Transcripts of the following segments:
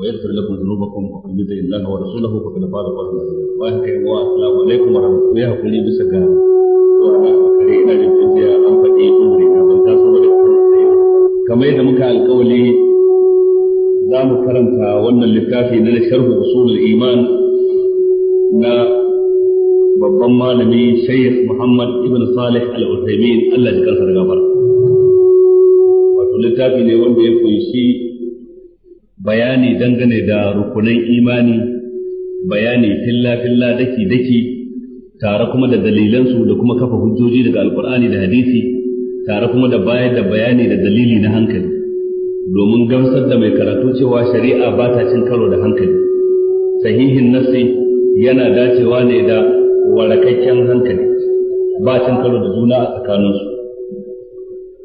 ويغفر لكم ذنوبكم ومن يطع الله ورسوله فقد فاز فوزا عظيما السلام عليكم ورحمه الله wannan kare ina na ban da sai muka alƙawali za mu karanta wannan iman na babban malami Shaykh Muhammad ibn Salih Al-Uthaymeen Allah ya karsa da gafara wato littafi ne wanda ya shi. bayani dangane da rukunan imani bayani filla filla daki daki tare kuma da dalilansu da kuma kafa hujjoji daga alkur'ani da hadisi tare kuma da bayar da bayani da dalili na hankali domin gamsar da mai karatu cewa shari'a ba ta cin karo da hankali sahihin nassi yana dacewa ne da warakakken hankali ba cin karo da juna a tsakaninsu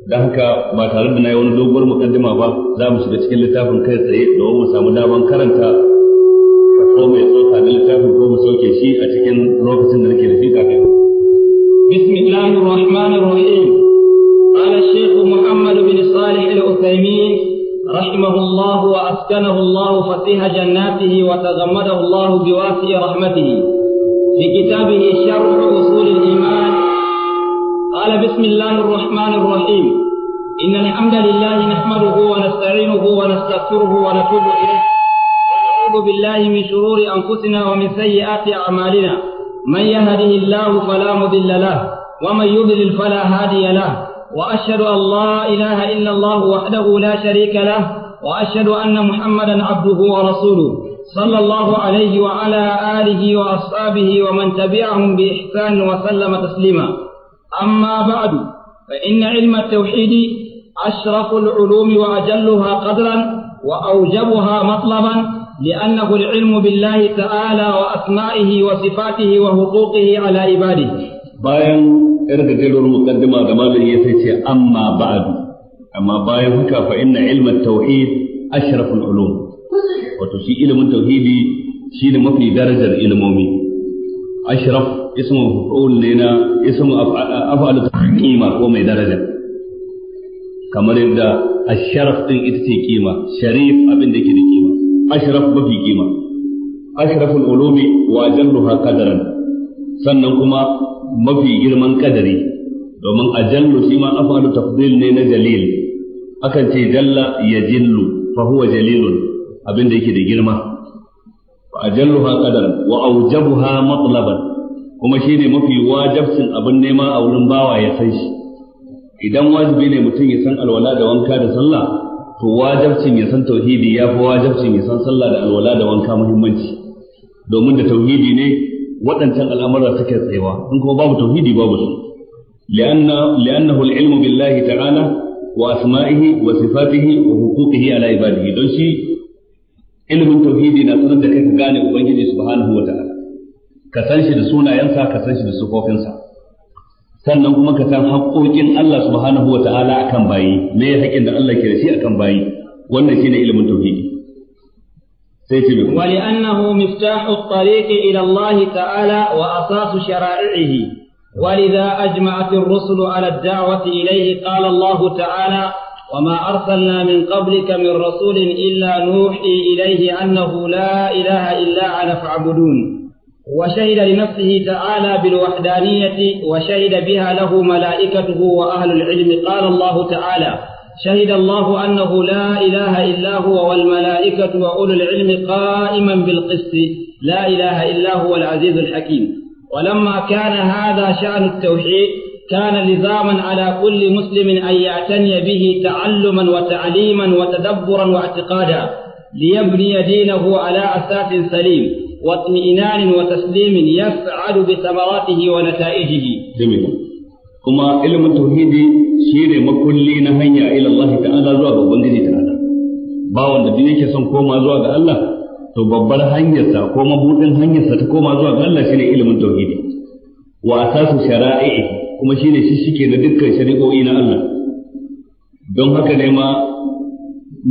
da haka ba tare da na yi wani doguwar mukaddima ba za mu shiga cikin littafin kai tsaye domin mu samu daman karanta kaso mai tsoka da littafin ko mu sauke shi a cikin lokacin da nake da shi kafin بسم الله الرحمن الرحيم قال الشيخ محمد بن صالح العثيمين رحمه الله وأسكنه الله فسيح جناته وتغمده الله بواسع رحمته في كتابه شرح أصول الإيمان بسم الله الرحمن الرحيم إن الحمد لله نحمده ونستعينه ونستغفره ونتوب إليه ونعوذ بالله من شرور أنفسنا ومن سيئات أعمالنا من يهده الله فلا مضل له ومن يضلل فلا هادي له وأشهد أن لا إله إلا الله وحده لا شريك له وأشهد أن محمدا عبده ورسوله صلى الله عليه وعلى آله وأصحابه ومن تبعهم بإحسان وسلم تسليما أما بعد فإن علم التوحيد أشرف العلوم وأجلها قدرا وأوجبها مطلبا لأنه العلم بالله تعالى وأسمائه وصفاته وحقوقه على عباده bayan yar gajerar mukaddima da malam ya sai ce amma ba'du amma bayan haka fa inna ilmat tauhid ashraful ulum wato shi ilimin tauhidi shine mafi darajar ilmomi ashraf ismu maf'ul ne na ismu af'al kima ko mai daraja kamar yadda asharaf din ita ce kima sharif abin da yake da kima ashraf mafi kima ashraful ulumi wa ajalluha qadaran sannan kuma mafi girman kadari domin ajallu shi ma ta tafdil ne na jalil akan ce jalla yajillu fa huwa jalilun abin da yake da girma ajalluha qadaran wa awjabuha matlaban kuma shi ne mafi wajabcin abin nema a wurin bawa ya san shi idan wajibi ne mutum ya san alwala da wanka da sallah to wajabcin ya san tauhidi ya fi wajabcin ya san sallah da alwala da wanka muhimmanci domin da tauhidi ne waɗancan al'amura suke tsayawa in kuma babu tauhidi babu su li'annahu al-ilmu billahi ta'ala wa asma'ihi wa sifatihi wa huquqihi ala ibadihi don shi ilimin tauhidi na sanar da kai ka gane ubangiji subhanahu wa ta'ala ka san shi da sunayensa ka san shi da sufofinsa sannan kuma ka san haƙoƙin Allah subhanahu wa ta'ala akan bayi me ya haƙin da Allah ke da shi akan bayi wannan shine ilimin tauhidi sai ce wa li'annahu miftahu at-tariq ila Allah ta'ala wa asasu shara'ihi ولذا أجمعت الرسل على الدعوة إليه قال الله تعالى وما أرسلنا من قبلك من رسول إلا نوحي إليه أنه لا إله إلا أنا فاعبدون وشهد لنفسه تعالى بالوحدانية وشهد بها له ملائكته وأهل العلم قال الله تعالى شهد الله أنه لا إله إلا هو والملائكة وأولو العلم قائما بالقسط لا إله إلا هو العزيز الحكيم ولما كان هذا شأن التوحيد كان لزاما على كل مسلم أن يعتني به تعلما وتعليما وتدبرا واعتقادا ليبني دينه على أساس سليم واطمئنان وتسليم يسعد بثمراته ونتائجه جميل كما علم التوحيد شير مكلي نهيا إلى الله تعالى زوا ببنجي تعالى باون da yake son koma zuwa ga Allah to babbar hanyarsa ko mabuɗin hanyarsa ta koma zuwa ga Allah shine ilimin tauhidi wa asasu shara'i kuma shine shishike na dukkan shari'o'i na Allah don haka ne ma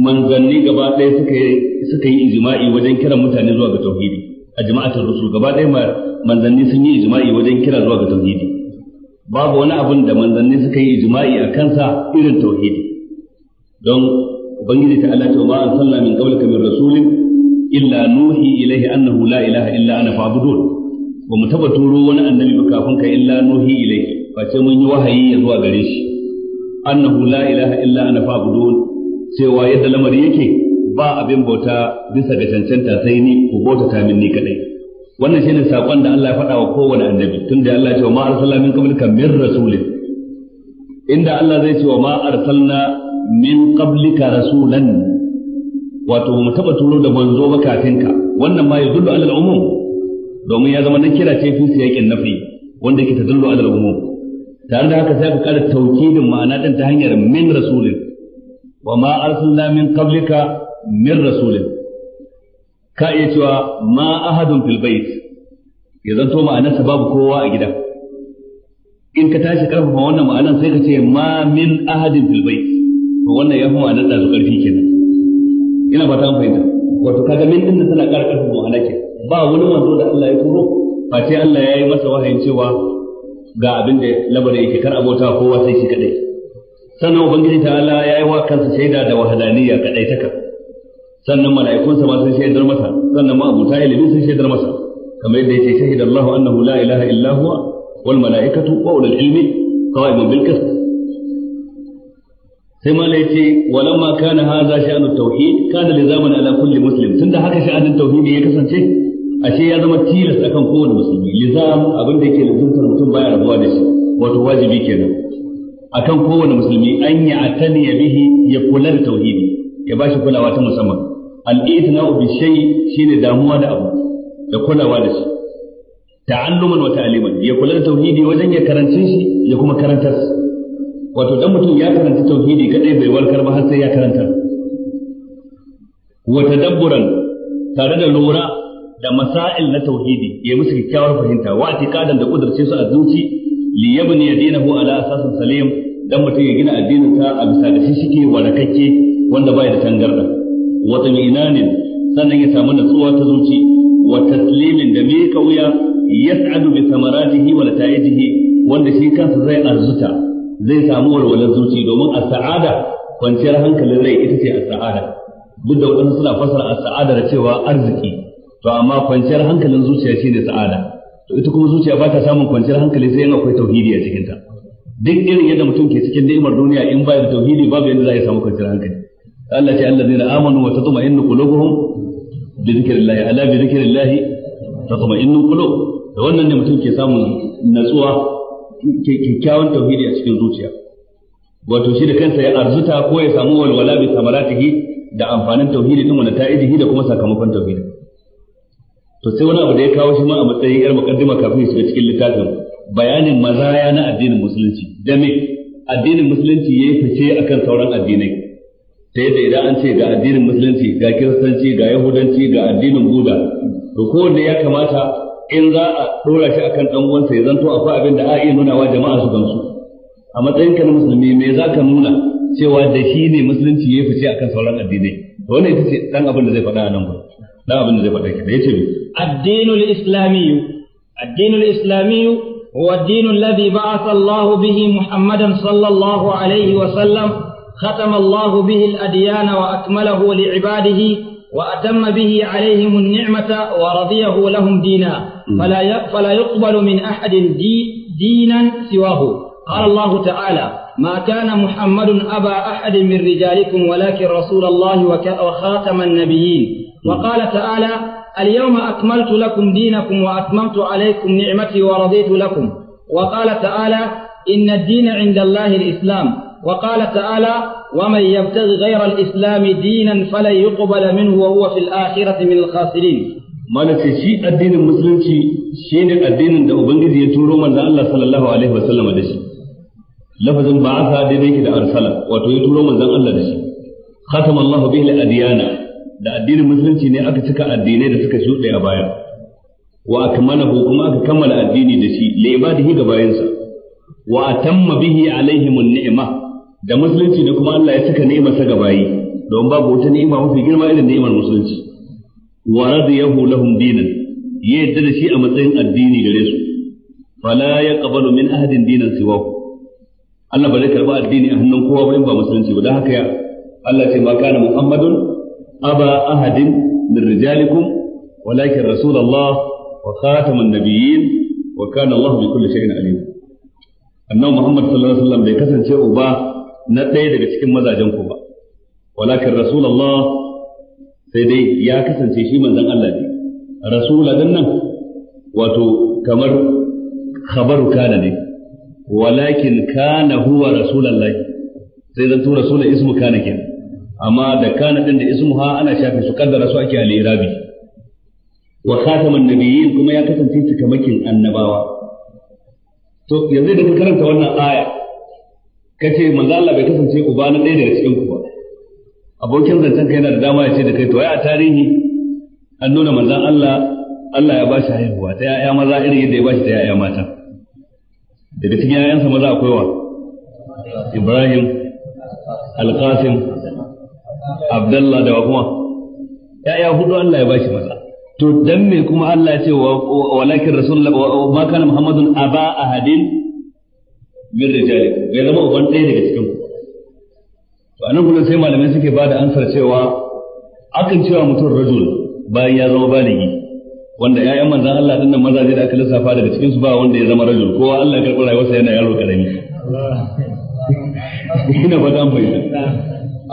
manzanni gaba ɗaya suka yi suka yi ijma'i wajen kiran mutane zuwa ga tauhidi a jama'atul rusul gaba ɗaya manzanni sun yi ijma'i wajen kira zuwa ga tauhidi babu wani abin da manzanni suka yi ijma'i a kansa irin tauhidi don ubangiji ta Allah ta ma an salla min qablika min rasulin illa nuhi ilaihi annahu la ilaha illa ana fa'budun ba mu taba turo wani annabi ba kafin ka illa nuhi ilaihi ce mun yi wahayi ya zuwa gare shi annahu la ilaha illa ana fa'budun cewa yadda lamari yake ba abin bauta bisa ga cancanta sai ni ku bauta ta min ni kadai wannan shine sakon da Allah ya faɗa wa kowane annabi tunda Allah ya ce ma arsalna min qablika min rasulin inda Allah zai ce wa ma arsalna min qablika rasulan wato mu taba turo da manzo ba kafin ka wannan ma yadullu alal umum domin ya zama na kira ce fi siyakin nafi wanda yake tadullu alal umum tare da haka sai ka kara tawkidin ma'ana din ta hanyar min rasulin wa ma arsalna min qablika min rasulin ka iya cewa ma ahadun fil bait ya zanto ma'anarsa babu kowa a gida in ka tashi karfafa wannan ma'anar sai ka ce ma min ahadin fil bait to wannan ya fi ma'anar da karfi kenan ina fata an fahimta wato kaga min din tana ƙara karfafa ma'ana ke ba wani manzo da Allah ya turo ba sai Allah ya yi masa wahayin cewa ga abin da labarin yake kar abota kowa sai shi kadai sannan ubangiji ta Allah ya yi wa kansa shaida da wahadaniyya kadai ta taka sannan mala'ikunsa ma sun shaidar masa sannan ma abuta ta'ilimin sun shaidar masa kamar yadda yake shahida Allah annahu la ilaha illa huwa wal mala'ikatu wa ulul ilmi qa'iman bil qist sai ma yace walamma kana hadha sha'anu tauhid kana lizaman ala kulli muslim tunda haka sha'anin tauhidi ya kasance ashe ya zama tilas akan kowane musulmi lizam abin da yake lazumtar mutum baya rabuwa da shi wato wajibi kenan akan kowane musulmi an ya atani bihi ya kula da tauhidi ya bashi kulawa ta musamman al-i'tina'u bi shi ne damuwa da abu da kulawa da shi ta'alluman wa ta'liman ya kula da tauhidi wajen ya karanci shi ya kuma karantar wato dan mutum ya karanci tauhidi kadai bai warkar ba har sai ya karantar wa tadabburan tare da lura da masail na tauhidi ya musu kyakkyawar fahimta wa atiqadan da kudurce su a zuci li yabni yadinahu ala asasin salim dan mutum ya gina addinin sa a bisa da shi shike warakakke wanda bai da tangarda wa tuminanin sannan ya samu natsuwa ta zuci wa taslimin da mika wuya yas'adu bi samaratihi wa nata'ijihi wanda shi kansa zai arzuta zai samu walwalar zuci domin as-sa'ada kwanciyar hankalin rai ita ce as-sa'ada duk da wadansu suna fasara as-sa'ada da cewa arziki to amma kwanciyar hankalin zuciya shine sa'ada to ita kuma zuciya ba ta samun kwanciyar hankali sai in akwai tauhidi a cikinta duk irin yadda mutum ke cikin ni'imar duniya in ba da tauhidi babu yadda za a samu kwanciyar hankali Allah ce allazina amanu wa tatma'innu qulubuhum bi dhikrillah ala bi dhikrillah tatma'innu qulub da wannan ne mutum ke samun natsuwa kyakkyawan tauhidi a cikin zuciya wato shi da kansa ya arzuta ko ya samu walwala bi samaratihi da amfanin tauhidi din wani ta'idihi da kuma sakamakon tauhidi to sai wani abu da ya kawo shi ma a matsayin yar mukaddima kafin ya shiga cikin littafin bayanin mazaya na addinin musulunci da me addinin musulunci yayi fice akan sauran addinai ta yadda idan an ce ga addinin musulunci ga kiristanci ga yahudanci ga addinin buda to kowanne ya kamata in za a dora shi akan ɗan uwansa ya zanto akwai abin da a iya nuna wa jama'a su gamsu a matsayin ka na musulmi me za ka nuna cewa da shi ne musulunci ya fice akan sauran addinai wannan ita ce ɗan abin da zai faɗa a nan ba dan abin da zai faɗa ki da yace addinul islamiyyu addinul islamiyyu هو الدين الذي بعث الله به محمدا صلى الله عليه وسلم ختم الله به الأديان وأكمله لعباده وأتم به عليهم النعمة ورضيه لهم دينا فلا فلا يقبل من أحد دينا سواه قال الله تعالى ما كان محمد أبا أحد من رجالكم ولكن رسول الله وخاتم النبيين وقال تعالى اليوم أكملت لكم دينكم وأتممت عليكم نعمتي ورضيت لكم وقال تعالى إن الدين عند الله الإسلام وقال تعالى ومن يبتغ غير الإسلام دينا فلن يقبل منه وهو في الآخرة من الخاسرين mana ce shi addinin musulunci shi ne addinin da ubangiji ya turo manzon Allah sallallahu alaihi wasallam da shi lafazin ba'atha daidai ke da arsala wato ya turo manzon Allah da shi khatama Allahu bihi da addinin musulunci ne aka cika addinai da suka shuɗe a baya wa akmalahu kuma aka kammala addini da shi wa atamma bihi nima da musulunci ne kuma Allah ya cika ni'imar sa gabayi don babu wata ni'ima mafi girma irin ni'imar musulunci wa radiyahu lahum dinan ya yadda da shi a matsayin addini gare su fala ya yaqbalu min ahadin dinan siwahu Allah bai zai karba addini a hannun kowa ba in ba musulunci ba dan haka ya Allah ce ma kana muhammadun aba ahadin min rijalikum walakin rasulullah wa khataman nabiyyin wa kana Allah bi kulli shay'in alim annabi Muhammad sallallahu alaihi wasallam bai kasance uba na ɗaya daga cikin mazajen ku ba walakin Rasulallah sai dai ya kasance shi manzon Allah ne Rasulallah nan wato kamar khabaru kana ne walakin kana huwa Rasulallah sai zan tura sunan ismu kana kenan amma da kana din da ismu ha ana shafi su kaddara su ake al-irabi wa khataman nabiyyin kuma ya kasance cikamakin annabawa to yanzu da karanta wannan aya kace manzo Allah bai kasance uba na ɗaya daga cikin ku ba abokin zancen kai yana da dama ya ce da kai to ai a tarihi an nuna manzo Allah Allah ya bashi haihuwa ta yaya maza irin yadda ya bashi ta yaya mata daga cikin yayansa maza akwai wa Ibrahim Al-Qasim Abdullah da kuma yaya hudu Allah ya bashi maza to dan me kuma Allah ya ce wa walakin rasulullah ma kana muhammadun aba ahadin min rijalikum ya zama uban ɗaya daga cikin ku to anan kuma sai malamai suke bada ansar cewa akan cewa mutum rajul bayan ya zama baligi wanda ƴaƴan manzan Allah din nan mazaje da aka lissafa daga cikin su ba wanda ya zama rajul kowa Allah ya karɓi rayuwarsa yana yaro karami ina ba dan bai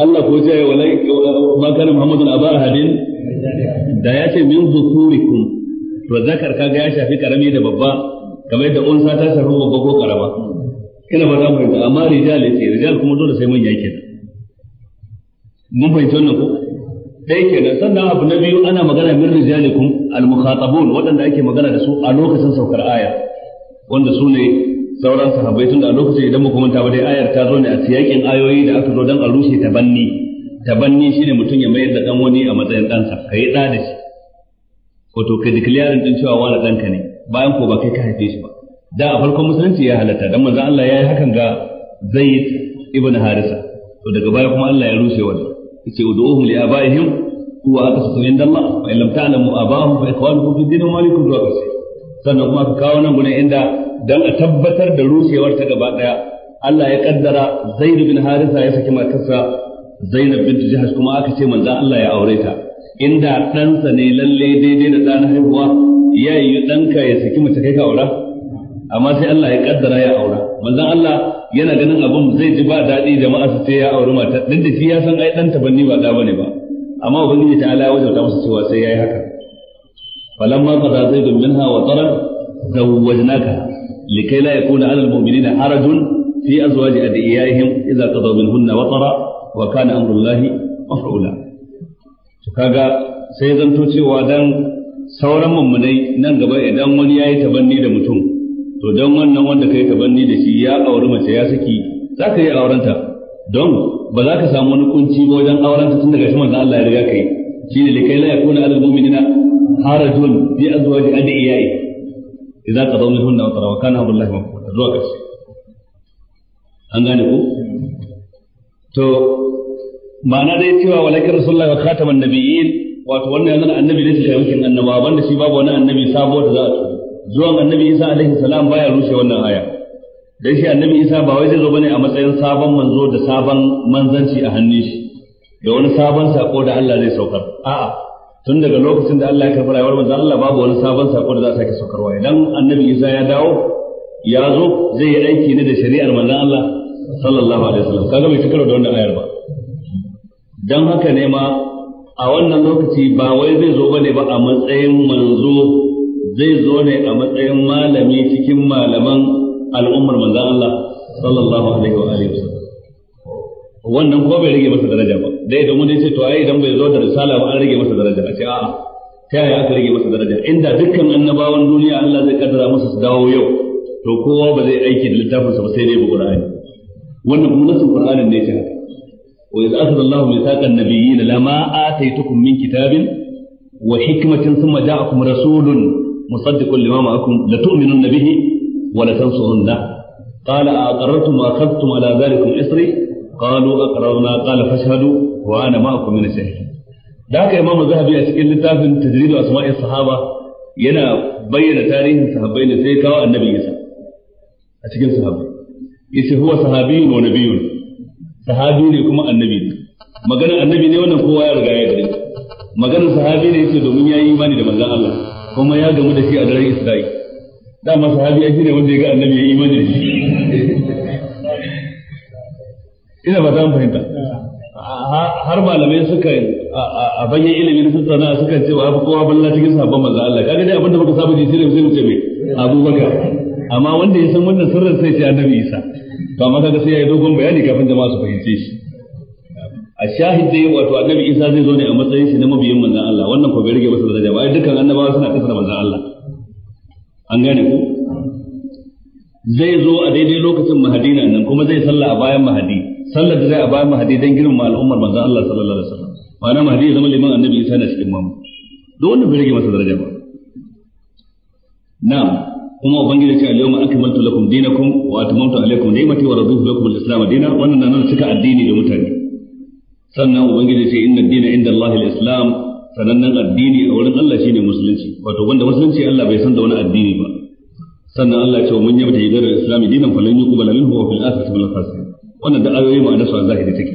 Allah ko ce walai ma kana Muhammadun aba hadin da ya ce min zukurikum to zakar kaga ya shafi karami da babba kamar da unsa ta shafi babba ko karama ina ba za mu yanzu amma rijal ya ce rijal kuma dole sai manya da. mun fahimci wannan ko dai da, sannan abu na biyu ana magana min rijalikum al-mukhatabun waɗanda ake magana da su a lokacin saukar aya wanda su ne sauran sahabbai tun da a lokacin idan kuma ta ba dai ayar ta zo ne a tiyakin ayoyi da aka zo dan a rushe tabanni tabanni shine mutum ya mayar da dan wani a matsayin ɗansa kai ɗa da shi wato ka declaring din cewa wani ɗanka ne bayan ko ba kai ka haife shi ba da a farkon musulunci ya halatta dan manzon Allah ya yi hakan ga Zaid ibn Harisa to daga baya kuma Allah ya rushe wannan yace ud'uhum li abaihim huwa aqsatu inda Allah fa in lam ta'lamu abahum fa ikhwanukum fid din wa malikum zuwa kashi sannan kuma ka kawo nan gune inda dan a tabbatar da rushewar ta gaba daya Allah ya kaddara Zaid ibn Harisa ya saki matarsa Zainab bint Jahash kuma aka ce manzon Allah ya aure ta inda ɗansa ne lalle daidai da ɗan haihuwa ya yi ɗanka ya saki mace kai ka aura amma sai Allah ya kaddara ya aura manzon Allah yana ganin abin zai ji ba daɗi jama'a su ce ya auri mata duk da shi ya san ai dan tabanni ba da bane ba amma ubangiji ta Allah wajen ta masa cewa sai yayi haka falamma qada zaidun minha wa taran zawwajnaka likai la yakuna 'ala al-mu'minina harajun fi azwaji adiyaihim idza qadaw minhunna wa tara wa kana amrullahi maf'ula kaga sai zanto cewa dan sauran mummunai nan gaba idan wani yayi tabanni da mutum to don wannan wanda kai kabanni da shi ya auri mace ya saki za ka yi aurenta don ba za ka samu wani kunci ba wajen aurenta tun daga shi manzon Allah ya riga kai shi ne likai la yakuna alal mu'minina harajun bi azwaji adiyai idza qadaw hunna wa tarawa kana billahi mafuta zuwa kashi an gane ku to ma'ana dai cewa walakin rasulullahi wa khataman nabiyyin wato wannan yana annabi ne shi ga yankin annabawa banda shi babu wani annabi sabo da za a tura zuwan annabi isa alaihi salam baya rushe wannan aya dan shi annabi isa ba wai zai zo bane a matsayin sabon manzo da sabon manzanci a hannun shi da wani sabon sako da Allah zai saukar a'a tun daga lokacin da Allah ya karɓi rayuwar manzo Allah babu wani sabon sako da za a sake saukarwa idan annabi isa ya dawo ya zo zai yi aiki ne da shari'ar manzon Allah sallallahu alaihi wasallam kaga bai tukar da wannan ayar ba dan haka ne ma a wannan lokaci ba wai zai zo bane ba a matsayin manzo zai zo ne a matsayin malami cikin malaman al'ummar manzon Allah sallallahu alaihi wa alihi wasallam wannan ko bai rage masa daraja ba dai idan wani ce to ai idan bai zo da risala ba an rage masa daraja a ce a'a ta yaya aka rage masa daraja inda dukkan annabawan duniya Allah zai kaddara musu su dawo yau to kowa ba zai aiki da littafinsa ba sai dai bi Qur'ani wannan kuma nasin Qur'anin ne ya ce haka وإذ أخذ الله ميثاق النبيين لما آتيتكم من كتاب وحكمة ثم جاءكم rasulun? musaddiqun lima ma'akum la tu'minunna bihi wa la tansurunna qala a aqarrartum wa akhadhtum ala dhalikum isri qalu aqrarna qala fashhadu wa ana ma'akum min ash-shahidin da haka imamu zahabi a cikin littafin tajridu asma'i sahaba yana bayyana tarihin sahabbai sai kawo annabi isa a cikin sahabi ne kuma annabi ne annabi ne wannan kowa ya riga ya gare maganar sahabi ne yace domin yayi imani da manzon Allah kuma ya gamu da shi a daren Isra'i dama sahabi ya shine wanda ya ga annabi ya imani da shi ina ba ta fahimta har malamai suka a bayan ilimi na na suka ce wa abu kowa balla cikin sabon manzo Allah kaga dai abinda muka saba ji sai sai mu ce mai Abubakar amma wanda ya san wannan sirrin sai ce annabi Isa to maka ga sai ya yi dogon bayani kafin jama'a su fahimce shi a shahid dai wato annabi Isa zai zo ne a matsayin shi na mabiyin manzon Allah wannan ko bai rage masa daraja ba ai dukkan annabawa suna kasa da manzon Allah an gane ku zai zo a daidai lokacin mahadina nan kuma zai salla a bayan mahadi sallar da zai a bayan mahadi dan girmama al'ummar manzon Allah sallallahu alaihi wasallam ma'ana mahadi ya zama liman annabi Isa na cikin mamu don wannan bai rage masa daraja ba na'am kuma ubangiji ce al-yawma akmaltu lakum dinakum wa atmamtu alaykum ni'mati wa raditu lakum al-islam dinan wannan nan suka addini da mutane sannan ubangiji ce inna dina inda Allah al-islam sanannen addini a wurin Allah shine musulunci wato wanda musulunci Allah bai san da wani addini ba sannan Allah ce mun yabta idar al-islam dinan falan yuqbal minhu wa fil akhirati min al-fasiqin wannan da ayoyi ma'ana su zahiri take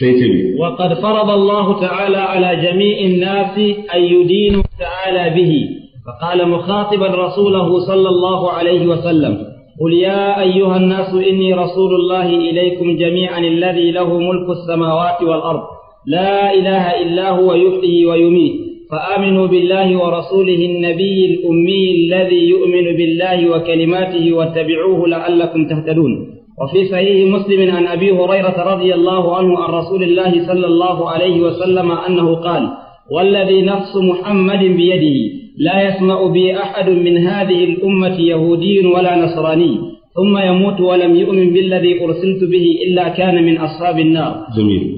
sai ce wa qad farada Allah ta'ala ala jami'in nasi ay yudinu ta'ala bihi فقال مخاطبا رسوله sallallahu الله wa sallam. قل يا أيها الناس إني رسول الله إليكم جميعا الذي له ملك السماوات والأرض لا إله إلا هو يحيي ويميت فآمنوا بالله ورسوله النبي الأمي الذي يؤمن بالله وكلماته واتبعوه لعلكم تهتدون وفي صحيح مسلم عن أبي هريرة رضي الله عنه عن رسول الله صلى الله عليه وسلم أنه قال والذي نفس محمد بيده لا يسمع به أحد من هذه الأمة يهودي ولا نصراني ثم يموت ولم يؤمن بالذي أرسلت به إلا كان من أصحاب النار جميل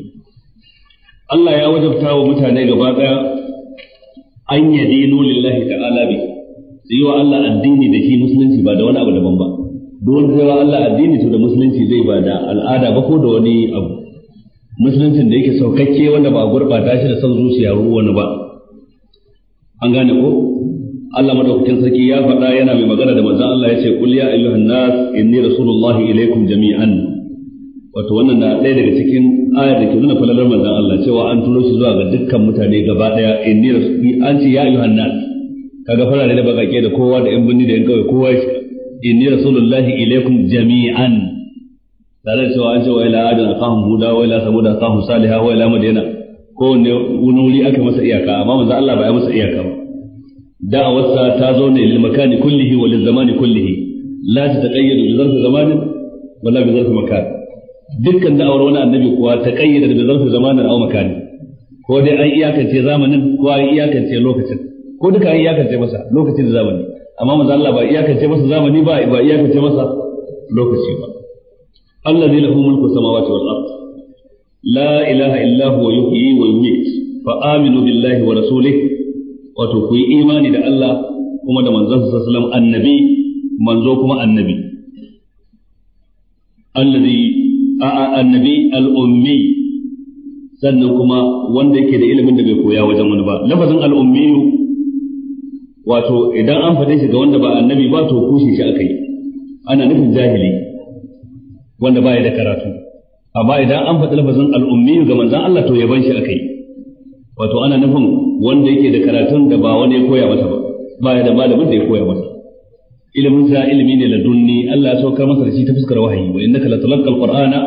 الله يا وجب تاو متاني لغادا أن يدينوا لله تعالى به سيوا الله الديني دشي مسلم بعد وانا أبدا بمبا دون سيوا الله الديني سوى مسلم زي بعد الآدى بكو دوني أبو musuluncin da yake saukakke wanda ba gurbata shi da son zuciya ruwa wani ba an gane ko Allah madaukakin sarki ya faɗa yana mai magana da manzon Allah yace kul ya ayyuhan nas inni rasulullahi ilaikum jami'an wato wannan na ɗaya daga cikin ayar da ke nuna falalar manzon Allah cewa an turo shi zuwa ga dukkan mutane gaba daya inni rasuli an ce ya ayyuhan nas kaga fara da bakake da kowa da yan binni da yan kai kowa shi inni rasulullahi ilaikum jami'an tare da cewa an ce wa ila adin aqahum huda wa ila samuda aqahum salihah wa ila madina kowanne wani wuri aka masa iyaka amma manzo Allah ba ya masa iyaka ba da'awarsa ta zo ne lil makani kullihi wa lil zamani kullihi la ta taqayyadu bi zarfi zamanin wala bi zarfi makan dukkan da'awar wani annabi kuwa ta kayyada da zarfi zamanin aw makani ko dai an iyakance zamanin ko an iyakance lokacin ko duka an iyakance masa lokacin da zamani amma manzo Allah ba iyakance masa zamani ba ba iyakance masa lokaci ba Allah zai lahu mulku samawati wal ard la ilaha illa huwa yuhyi wa billahi wa rasulih wato ku yi imani da Allah kuma da manzon sallallahu alaihi wasallam annabi manzo kuma annabi annabi sannan kuma wanda yake da ilimin da bai koya wajen wani ba lafazin al wato idan an faɗe shi ga wanda ba annabi ba to kushe shi akai ana nufin jahili wanda ba ya da karatu amma idan an faɗi lafazin al'ummi ga manzan Allah to yaban shi akai wato ana nufin wanda yake da karatun da ba wani ya koya masa ba ba ya da malamin da ya koya masa ilimin sa ilimi ne ladunni Allah ya saukar masa da shi ta fuskar wahayi wa innaka latalaqqa alqur'ana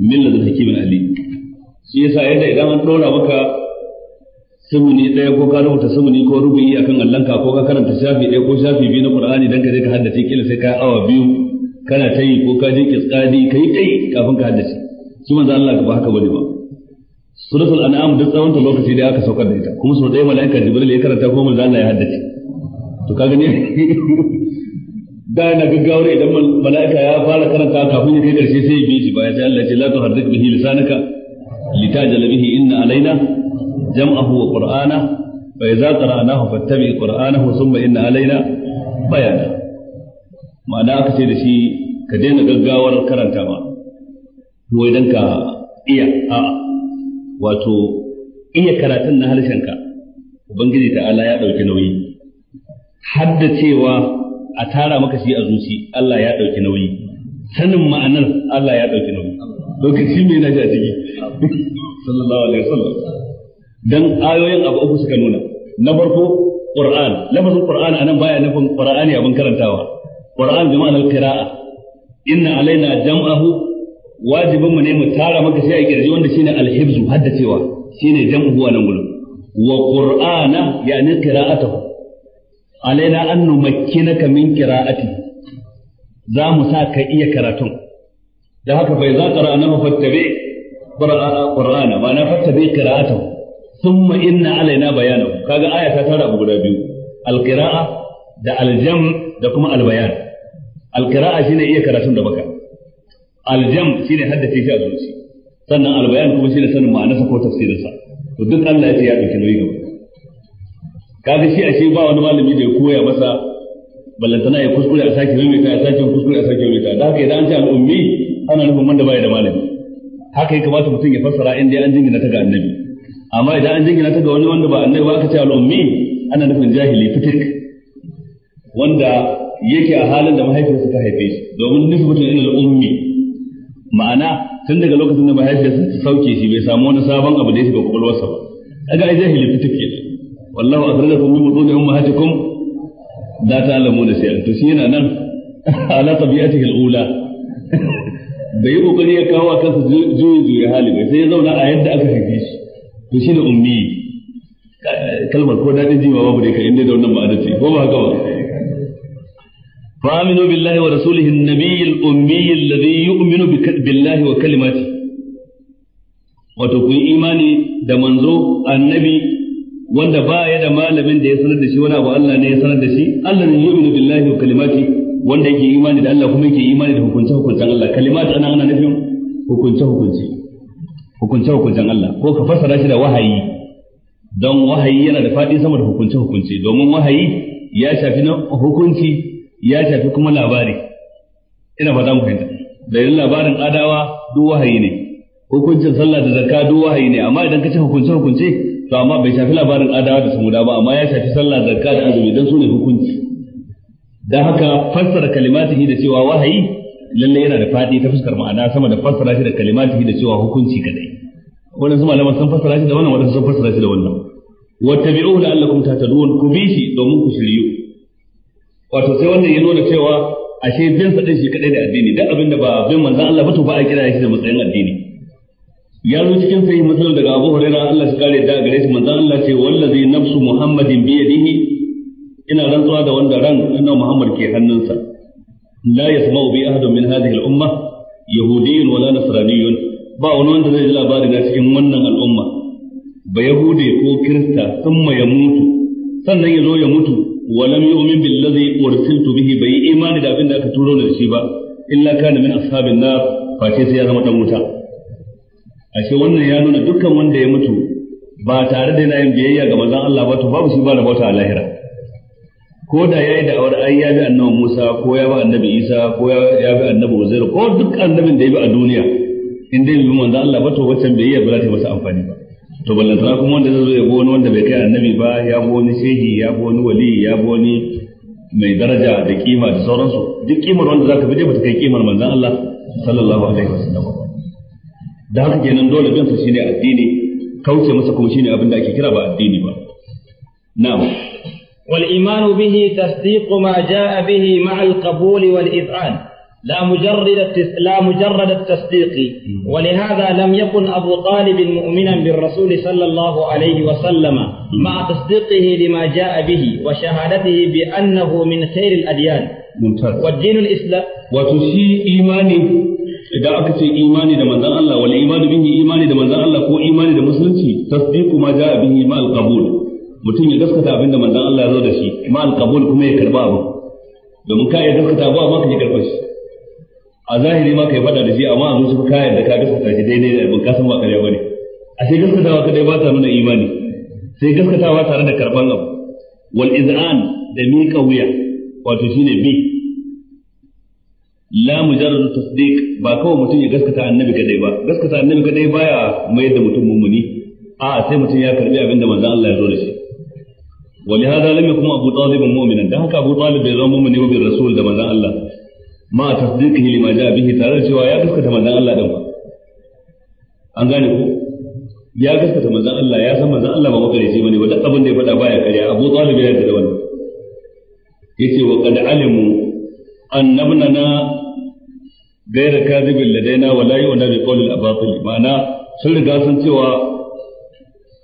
min ladun hakimin alim shi yasa yadda idan an dora maka sumuni ɗaya ko ka rubuta sumuni ko rubu'i akan allanka ko ka karanta shafi ɗaya ko shafi biyu na qur'ani dan ka je ka haddace kila sai ka awa biyu kana ta yi ko ka je kisqadi kai tai kafin ka haddace su manzo Allah ba haka bane ba suratul an'am duk tsawon ta lokaci da aka saukar da ita kuma sau ɗaya mala'ika jibril ya karanta kuma manzo Allah ya haddace to ka gani da na gaggawar idan mala'ika ya fara karanta kafin ya kai karshe sai ya bi ba ya sai Allah ya ce la tuharrik bihi lisanaka litajal bihi inna alaina jam'ahu wa qur'ana fa idza qara'nahu fattabi qur'anahu thumma inna alaina bayana ma'ana aka ce da shi ka daina gaggawar karanta ba wai dan ka iya a'a wato iya karatun na harshenka ubangiji Allah ya ɗauki nauyi cewa a tara maka shi a zuci Allah ya ɗauki nauyi sanin ma'anar Allah ya ɗauki nauyi lokaci mai naji a ciki sallallahu alaihi wasallam dan ayoyin abu uku suka nuna na farko qur'an lafazin qur'an anan baya nufin qur'ani abin karantawa qur'an bi ma'anar qira'a inna alaina jam'ahu wajibin mu ne mu tara maka sai a kirji wanda shine alhibzu haddacewa shine jam'u a nan gurin wa qur'ana yani qira'atuhu alaina an numakkinaka min qira'ati za mu sa ka iya karatun da haka bai za ka ra'ana fattabi qur'ana ba na fattabi qira'atuhu thumma inna alaina bayanahu kaga aya ta tara abu guda biyu alqira'a da aljam da kuma albayan alqira'a shine iya karatun da baka aljam shine haddace shi a zuci sannan albayan kuma shine sanin ma'anarsa ko tafsirinsa to duk Allah ya ce ya dauki nauyi gaba kaga shi a shi ba wani malami da ya koya masa ballantana ya kuskure a sake maimaita ya sake kuskure a sake maimaita da haka idan an ce al'ummi ana nufin wanda baya da malami haka ya kamata mutum ya fassara inda an jingina ta ga annabi amma idan an jingina ta ga wani wanda ba annabi ba aka ce al'ummi ana nufin jahili fitik wanda yake a halin da mahaifiyarsa ta haife shi domin nisbatun da ummi ma'ana tun daga lokacin da mahaifiyarsa ta sauke shi bai samu wani sabon abu da ya shiga kwakwalwarsa ba kaga ai jahili fitik kenan wallahu akhrajakum min da ta la da shay'an to shi yana nan ala tabi'atihi al'ula bai yi kokari ya kawo kansa juyin juya hali bai sai ya zauna a yadda aka haife shi to shi ne ummi kalmar ko daɗin jiwa babu dai ka inda da wannan ma'adar ko ba haka ba فآمنوا بالله ورسوله النبي الأمي الذي يؤمن بالله وكلماته wato ku yi imani da manzo annabi wanda ba ya da malamin da ya sanar da shi wani abu Allah ne ya sanar da shi Allah ne yu'minu billahi wa kalimati wanda yake imani da Allah kuma yake imani da hukunce hukuncen Allah kalimatu ana ana nufin hukunce hukunce Allah ko ka fassara shi da wahayi don wahayi yana da faɗi sama da hukunce hukunce domin wahayi ya shafi na hukunci ya shafi kuma labari ina za mu fahimta dalilin labarin adawa duk wahayi ne hukuncin sallah da zakka duk wahayi ne amma idan ka ce hukunce hukunce to amma bai shafi labarin adawa da samuda ba amma ya shafi sallah zakka da azumi dan su ne hukunci dan haka fassara kalimatihi da cewa wahayi lalle yana da fadi ta fuskar ma'ana sama da fassara shi da kalimatihi da cewa hukunci kadai wannan su malaman sun fassara shi da wannan wannan sun fassara shi da wannan wattabi'uhu la'allakum tahtadun ku bi shi domin ku shiryu wato sai wannan ya nuna cewa ashe bin sa din shi kadai da addini duk abinda ba bin manzon Allah ba to ba a kira shi da matsayin addini ya zo cikin sahih muslim daga Abu Hurairah Allah ya kare da gare shi manzon Allah ce wallazi nafsu Muhammadin bi yadihi ina rantsuwa da wanda ran annabi Muhammad ke hannunsa la yasma'u bi ahadin min hadhihi al-umma yahudiyyun wala nasraniyyun ba wani wanda zai ji labari na cikin wannan al'umma ba yahude ko kirista sun ya mutu sannan ya zo ya mutu wa lam yu'min billazi ursiltu bihi imani da abin da aka turo da shi ba illa kana min ashabin nar face sai ya zama dan wuta ashe wannan ya nuna dukkan wanda ya mutu ba tare da yana yin biyayya ga manzon Allah ba to babu shi ba rabota a lahira ko da yayi da awar ai ya bi annabi Musa ko ya bi annabi Isa ko ya bi annabi ko duk da ya bi a duniya in dai bi manzon Allah biyayya ba ta masa amfani ba to ballantana kuma wanda zai zo ya wani wanda bai kai annabi ba ya wani shehi ya wani wali ya wani mai daraja da kima da sauransu duk kimar wanda zaka bi dai bata kai kimar manzon Allah sallallahu alaihi wasallam da haka kenan dole bin sa shine addini kauce masa kuma shine abin da ake kira ba addini ba na'am والإيمان به تصديق ما جاء به مع wal والإذعان لا مجرد لا مجرد التصديق ولهذا لم يكن أبو طالب مؤمنا بالرسول صلى الله عليه وسلم مع تصديقه لما جاء به وشهادته بأنه من خير الأديان والدين الإسلام وتشي إيماني idan aka ce imani da manzon Allah wal imani bihi imani da manzon Allah ko imani da musulunci tasdiqu ma jaa bihi ma al qabul mutum ya gaskata abinda manzon Allah ya zo da shi ma al qabul kuma ya karba abu domin ka ya gaskata ba ma ka karba shi a zahiri ma kai faɗa da shi amma a zuci kayan da ka gaskata shi daidai da abin kasan ba karya bane a sai gaskatawa kadai ba ta nuna imani sai gaskatawa tare da karban abu wal iz'an da miƙa wuya wato shine bi la mujarrad tasdiq ba kawai mutum ya gaskata annabi kadai ba gaskata annabi kadai baya mayar da mutum mummuni a sai mutum ya karbi abin da Allah ya zo da shi ولهذا لم يكن ابو طالب مؤمنا ده هكا ابو طالب بيزوم مؤمن وبالرسول ده manzon Allah ma tasdiqihi lima jaa bihi tare da cewa ya gaskata manzon Allah din an gane ko ya gaskata manzon Allah ya san manzon Allah ba ce bane wa duk abin da ya faɗa baya karya Abu Talib ya yarda da wannan yace wa qad alimu annabnana gaira kadhibin ladaina wa la yu'na bi qawli al-abatil ma'ana sun riga sun cewa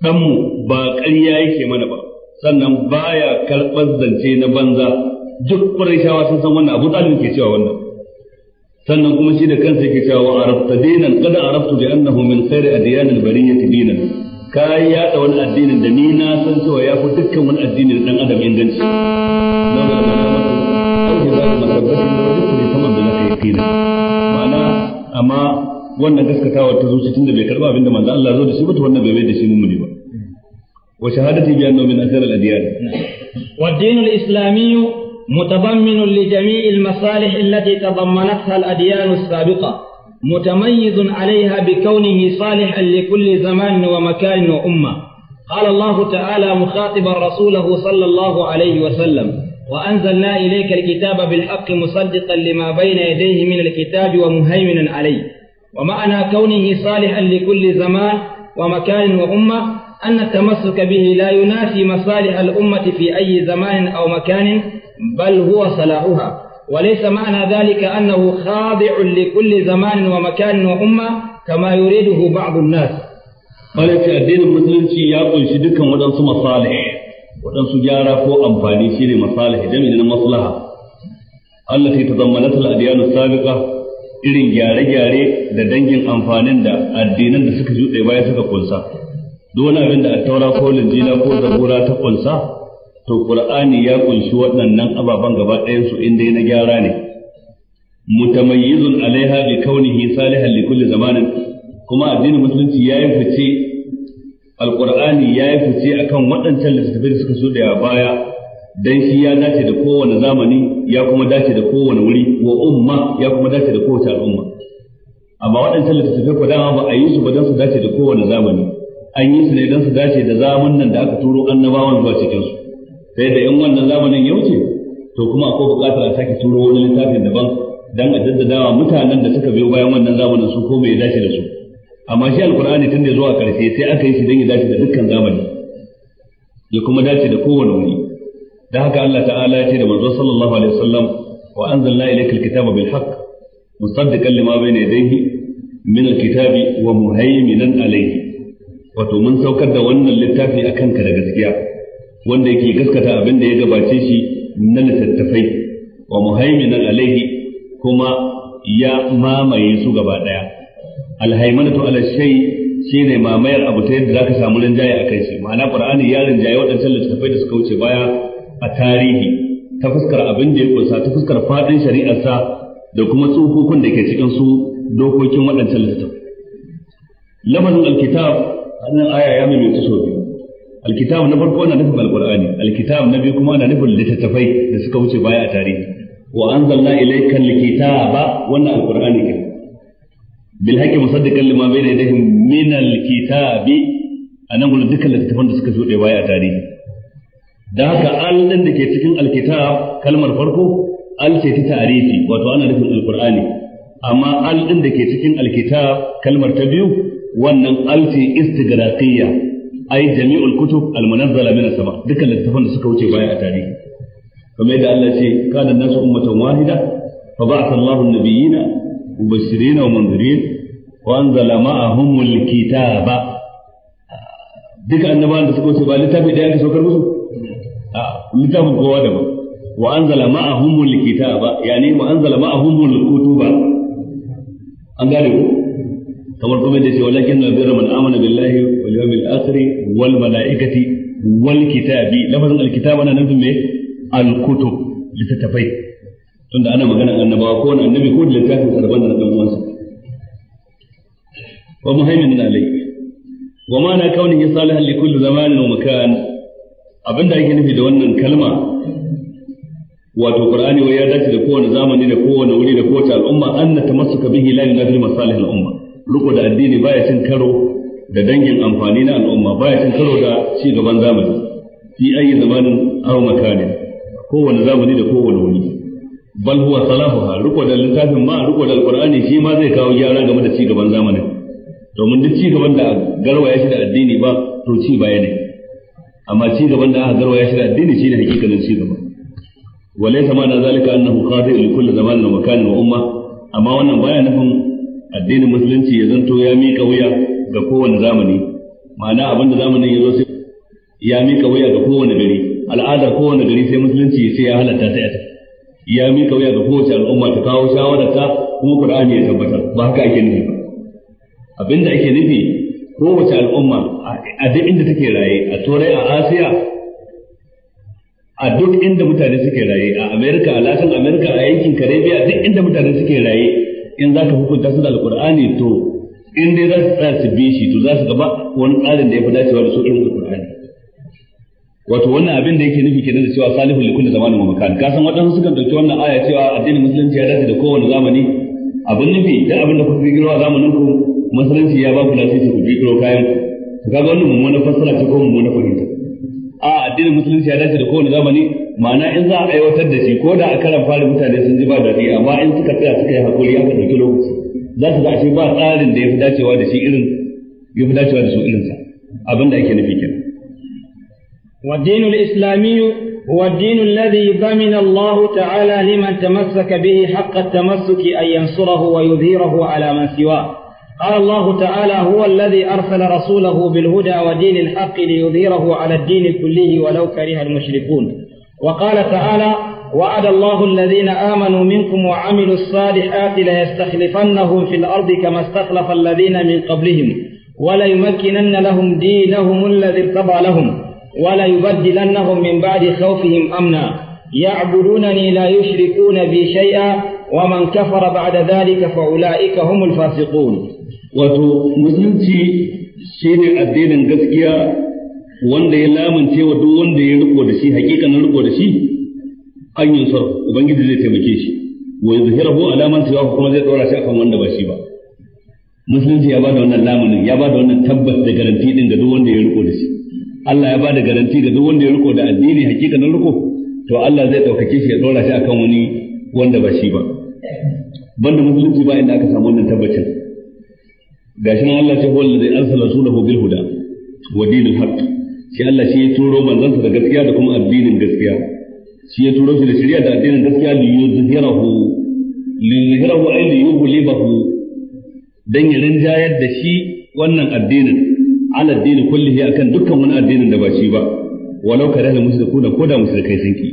danmu ba ƙarya yake mana ba sannan baya karɓar zance na banza duk shawa sun san wannan abu talib ke cewa wannan sannan kuma shi da kansa yake cewa wa arabta dinan qad arabtu bi annahu min khairi adyan al bariyyah dinan ya da wani addinin da ni na san cewa ya fi dukkan wani addinin dan adam inganci ma'ana amma wannan gaskatawa ta zuci tunda bai karba abinda manzo Allah zo da shi ba to wannan bai bai da shi mummuni ba wa shahadati bi annahu min asrar al adyan wa dinul islamiyyu متضمن لجميع المصالح التي تضمنتها الأديان السابقة متميز عليها بكونه صالحا لكل زمان ومكان وأمة قال الله تعالى مخاطبا رسوله صلى الله عليه وسلم وأنزلنا إليك الكتاب بالحق مصدقا لما بين يديه من الكتاب ومهيمنا عليه ومعنى كونه صالحا لكل زمان ومكان وأمة أن التمسك به لا ينافي مصالح الأمة في أي زمان أو مكان بل هو صلاحها وليس معنى ذلك أنه خاضع لكل زمان ومكان وأمة كما يريده بعض الناس malaka addinin musulunci ya kunshi dukkan waɗansu masalih waɗansu gyara ko amfani shine masalih jami'in maslaha Allah ta tazammanat al-adyan irin gyare-gyare da dangin amfanin da addinan da suka juɗe baya suka kunsa duk wani abin da attaura ko linjila ko zabura ta kunsa to qur'ani ya kunshi waɗannan ababen gaba ɗayan su inda na gyara ne mutamayyizun alaiha bi kaunihi salihan li kulli zamanin kuma addinin musulunci ya yi fice alqur'ani ya yi fice akan waɗancan littattafai da suka so da baya dan shi ya dace da kowane zamani ya kuma dace da kowane wuri wa umma ya kuma dace da kowace al'umma amma waɗancan littattafai ko dama ba a yi su ba dan su dace da kowane zamani an yi su ne dan su dace da zamanin da aka turo annabawan zuwa cikin su sai da 'yan wannan zamanin ya wuce to kuma akwai buƙatar a sake turo wani littafin daban don a daddadawa mutanen da suka biyo bayan wannan zamanin su ko me ya dace da su amma shi alkur'ani tun da zuwa karshe sai aka yi shi don ya dace da dukkan zamani ya kuma dace da kowane wuri da haka Allah ta'ala ya ce da manzo sallallahu alaihi wasallam wa anzalna ilayka alkitaba bil haqq musaddiqan lima bayna yadayhi min alkitabi wa muhaiminan alayhi wato mun saukar da wannan littafi akan ka da gaskiya wanda yake gaskata abin da ya gabace shi na littattafai wa muhaiminan alaihi kuma ya mamaye su gaba daya alhaimanatu ala shay shine mamayar abu ta yadda zaka samu rinjaye a kai shi ma'ana qur'ani ya rinjaye waɗancan littattafai da suka wuce baya a tarihi ta fuskar abin da ya kunsa ta fuskar fadin shari'arsa da kuma tsofofin da ke cikin su dokokin waɗancan littattafai lafazin alkitab hannun aya ya mai mai biyu alkitab na farko ana nufin alqur'ani alkitab na biyu kuma ana nufin littattafai da suka wuce baya a tarihi wa anzalna ilayka alkitaba wannan alqur'ani ne bil haqqi musaddiqan lima bayna yadayhi min alkitabi dukkan da suka shuɗe a tarihi da haka al da ke cikin alkitab kalmar farko al ce ta tarihi wato ana nufin Alkur'ani, amma al da ke cikin alkitab kalmar ta biyu wannan al ce ai jami'ul kutub almunazzala min as-sama littafan da suka wuce baya a tarihi kamar yadda Allah ce kana nasu ummatan wahida fa ba'atha Allahu an-nabiyina mubashirin wa munzirin wa anzala ma'ahum al-kitaba duka annabawan da suka wuce ba littafi da yake saukar musu a littafin kowa daban wa yani wa an gane kamar ce amana واليوم الآخر والملائكة والكتاب لفظ الكتاب أنا نفهم الكتب لتتفي تند أنا مغنى أن باكون النبي كل لتاكم سربان لدن وانسا ومهيمن عليه ومعنى كونه صالحا لكل زمان ومكان abinda ake nufi da wannan kalma wato qur'ani wai ya dace da kowane zamani da kowane wuri da kowace al'umma an na tamassuka bihi la addini baya cin karo da dangin amfani na al'umma baya cin karo da ci gaban zamani fi ayi zamanin aw makanin kowane zamani da kowane wuni. bal huwa salahuha ruko da littafin ma ruko da alqur'ani shi ma zai kawo gyara game da ci gaban zamanin domin duk ci gaban da garwa ya shi da addini ba to ci baya ne amma ci gaban da garwa ya shi da addini shine hakikalin ci gaba walaysa na zalika annahu qadi'u li kulli zamanin wa makanin wa umma amma wannan baya nufin addinin musulunci ya zanto ya mika wuya ga kowane zamani ma'ana abinda zamanin ya zo sai ya mika wuya ga kowane gari al'adar kowane gari sai musulunci ya ce ya halatta ta yata ya mika wuya ga kowace al'umma ta kawo shawarar ta kuma qur'ani ya tabbatar ba haka ake nufi ba abinda ake nufi kowace al'umma a duk inda take raye a turai a asiya a duk inda mutane suke raye a america a latin america a yankin caribbean duk inda mutane suke raye in zaka hukunta su da alqur'ani to in dai za su tsaya su bi shi to za su gaba wani tsarin da ya fi dacewa da su irin alkur'ani wato wannan abin da yake nufi kenan da cewa Salihu li kulli zamanin wa makan ka san waɗansu sukan dauki wannan aya cewa addinin musulunci ya dace da kowane zamani abin nufi da abin da kuka kirkiro a zamanin ku musulunci ya ba ku lasisi ku kirkiro kayan ku kaga wannan mummunan fassara ce ko mummunan fahimta a addinin musulunci ya dace da kowane zamani ma'ana in za a aiwatar da shi ko da a karan fara mutane sun ji ba daɗi amma in suka tsaya suka yi hakuri aka dauki lokaci za su ga ashe ba tsarin da ya fi dacewa da shi irin ya fi dacewa da su irinsa abin da ake nufi kenan والدين الإسلامي هو الدين الذي ضمن الله تعالى لمن تمسك به حق التمسك أن ينصره ويظهره على من سواه قال الله تعالى هو الذي أرسل رسوله بالهدى ودين الحق ليظهره على الدين كله ولو كره المشركون وقال تعالى وعد الله الذين آمنوا منكم وعملوا الصالحات ليستخلفنهم في الأرض كما استخلف الذين من قبلهم وليمكنن لهم دينهم الذي ارتضى لهم وليبدلنهم من بعد خوفهم أمنا يعبدونني لا يشركون بي شيئا ومن كفر بعد ذلك فأولئك هم الفاسقون wato musulunci shine addinin gaskiya wanda ya lamunce wa duk wanda ya riko da shi hakikanin riko da shi an yi ubangiji zai taimake shi wa yuzhirahu ala man siwahu kuma zai dora shi akan wanda ba shi ba musulunci ya bada wannan lamunin ya bada wannan tabbas da garanti din ga duk wanda ya riko da shi Allah ya bada garanti ga duk wanda ya riko da addini hakika na riko to Allah zai daukake shi ya dora shi akan wani wanda ba shi ba banda musulunci ba inda aka samu wannan tabbacin gashi nan Allah ce huwa alladhi arsala rasulahu bil huda wa dinil haqq shi Allah shi ya turo manzansa da gaskiya da kuma addinin gaskiya shi ya turo shi da shari'a da addinin gaskiya li yuzhirahu li yuzhirahu ay li yughlibahu dan ya rinjayar da shi wannan addinin ala addini kullihi akan dukkan wani addinin da ba shi ba walau karihal da ko da mushrikai sun ki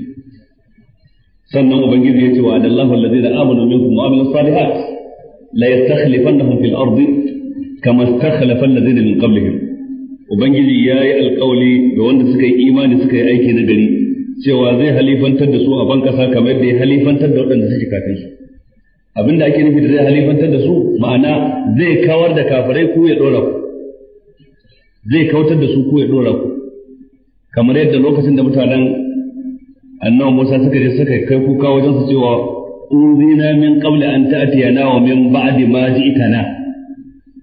sannan ubangiji ya ce wa adallahu alladhina amanu minkum wa amilus salihat la yastakhlifannahum fil ardi kama istakhlafa alladhina min qablihim ubangiji yayi alqawli ga wanda suka yi imani suka yi aiki na gari cewa zai halifantar da su a ban kasa kamar da ya halifantar da waɗanda suke kafin su abin da ake nufi da zai halifantar da su ma'ana zai kawar da kafirai ko ya ɗora ku zai kautar da su ko ya ɗora ku kamar yadda lokacin da mutanen annabi Musa suka je suka kai kuka wajen su cewa unzina min qabla an ta'tiyana wa min ba'di ma ji'tana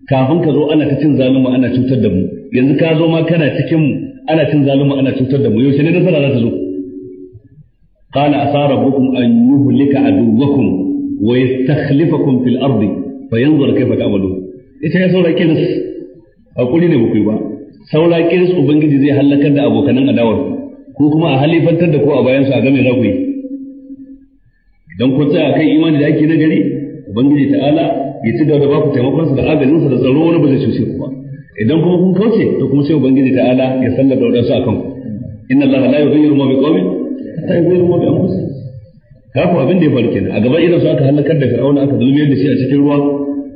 kafin ka zo ana ta cin zaluma ana cutar da mu yanzu ka zo ma kana cikin mu ana cin zaluma ana cutar da mu yaushe ne nasara za ta zo قال عسى ربكم أن يهلك عدوكم ويستخلفكم في الأرض فينظر كيف تعملون ita ya saura kiris hakuri ne bakwai ba saura kiris ubangiji zai halakar da abokanan adawar ko kuma a halifantar da ko a bayan a game za ku idan kun imani da ake gari ubangiji ta'ala ya ci gaba da baku taimakon sa da agajin sa da tsaro wani ba zai cuce ku ba idan kuma kun kauce to kuma sai ubangiji ta'ala ya sallaka wadansu akan ku inna allaha la yughayyiru ma biqawmin ta yi zuwa da amsa kafu abin da ya faru kenan a gaban idan su aka halakar da fir'auna aka zulmiyar da shi a cikin ruwa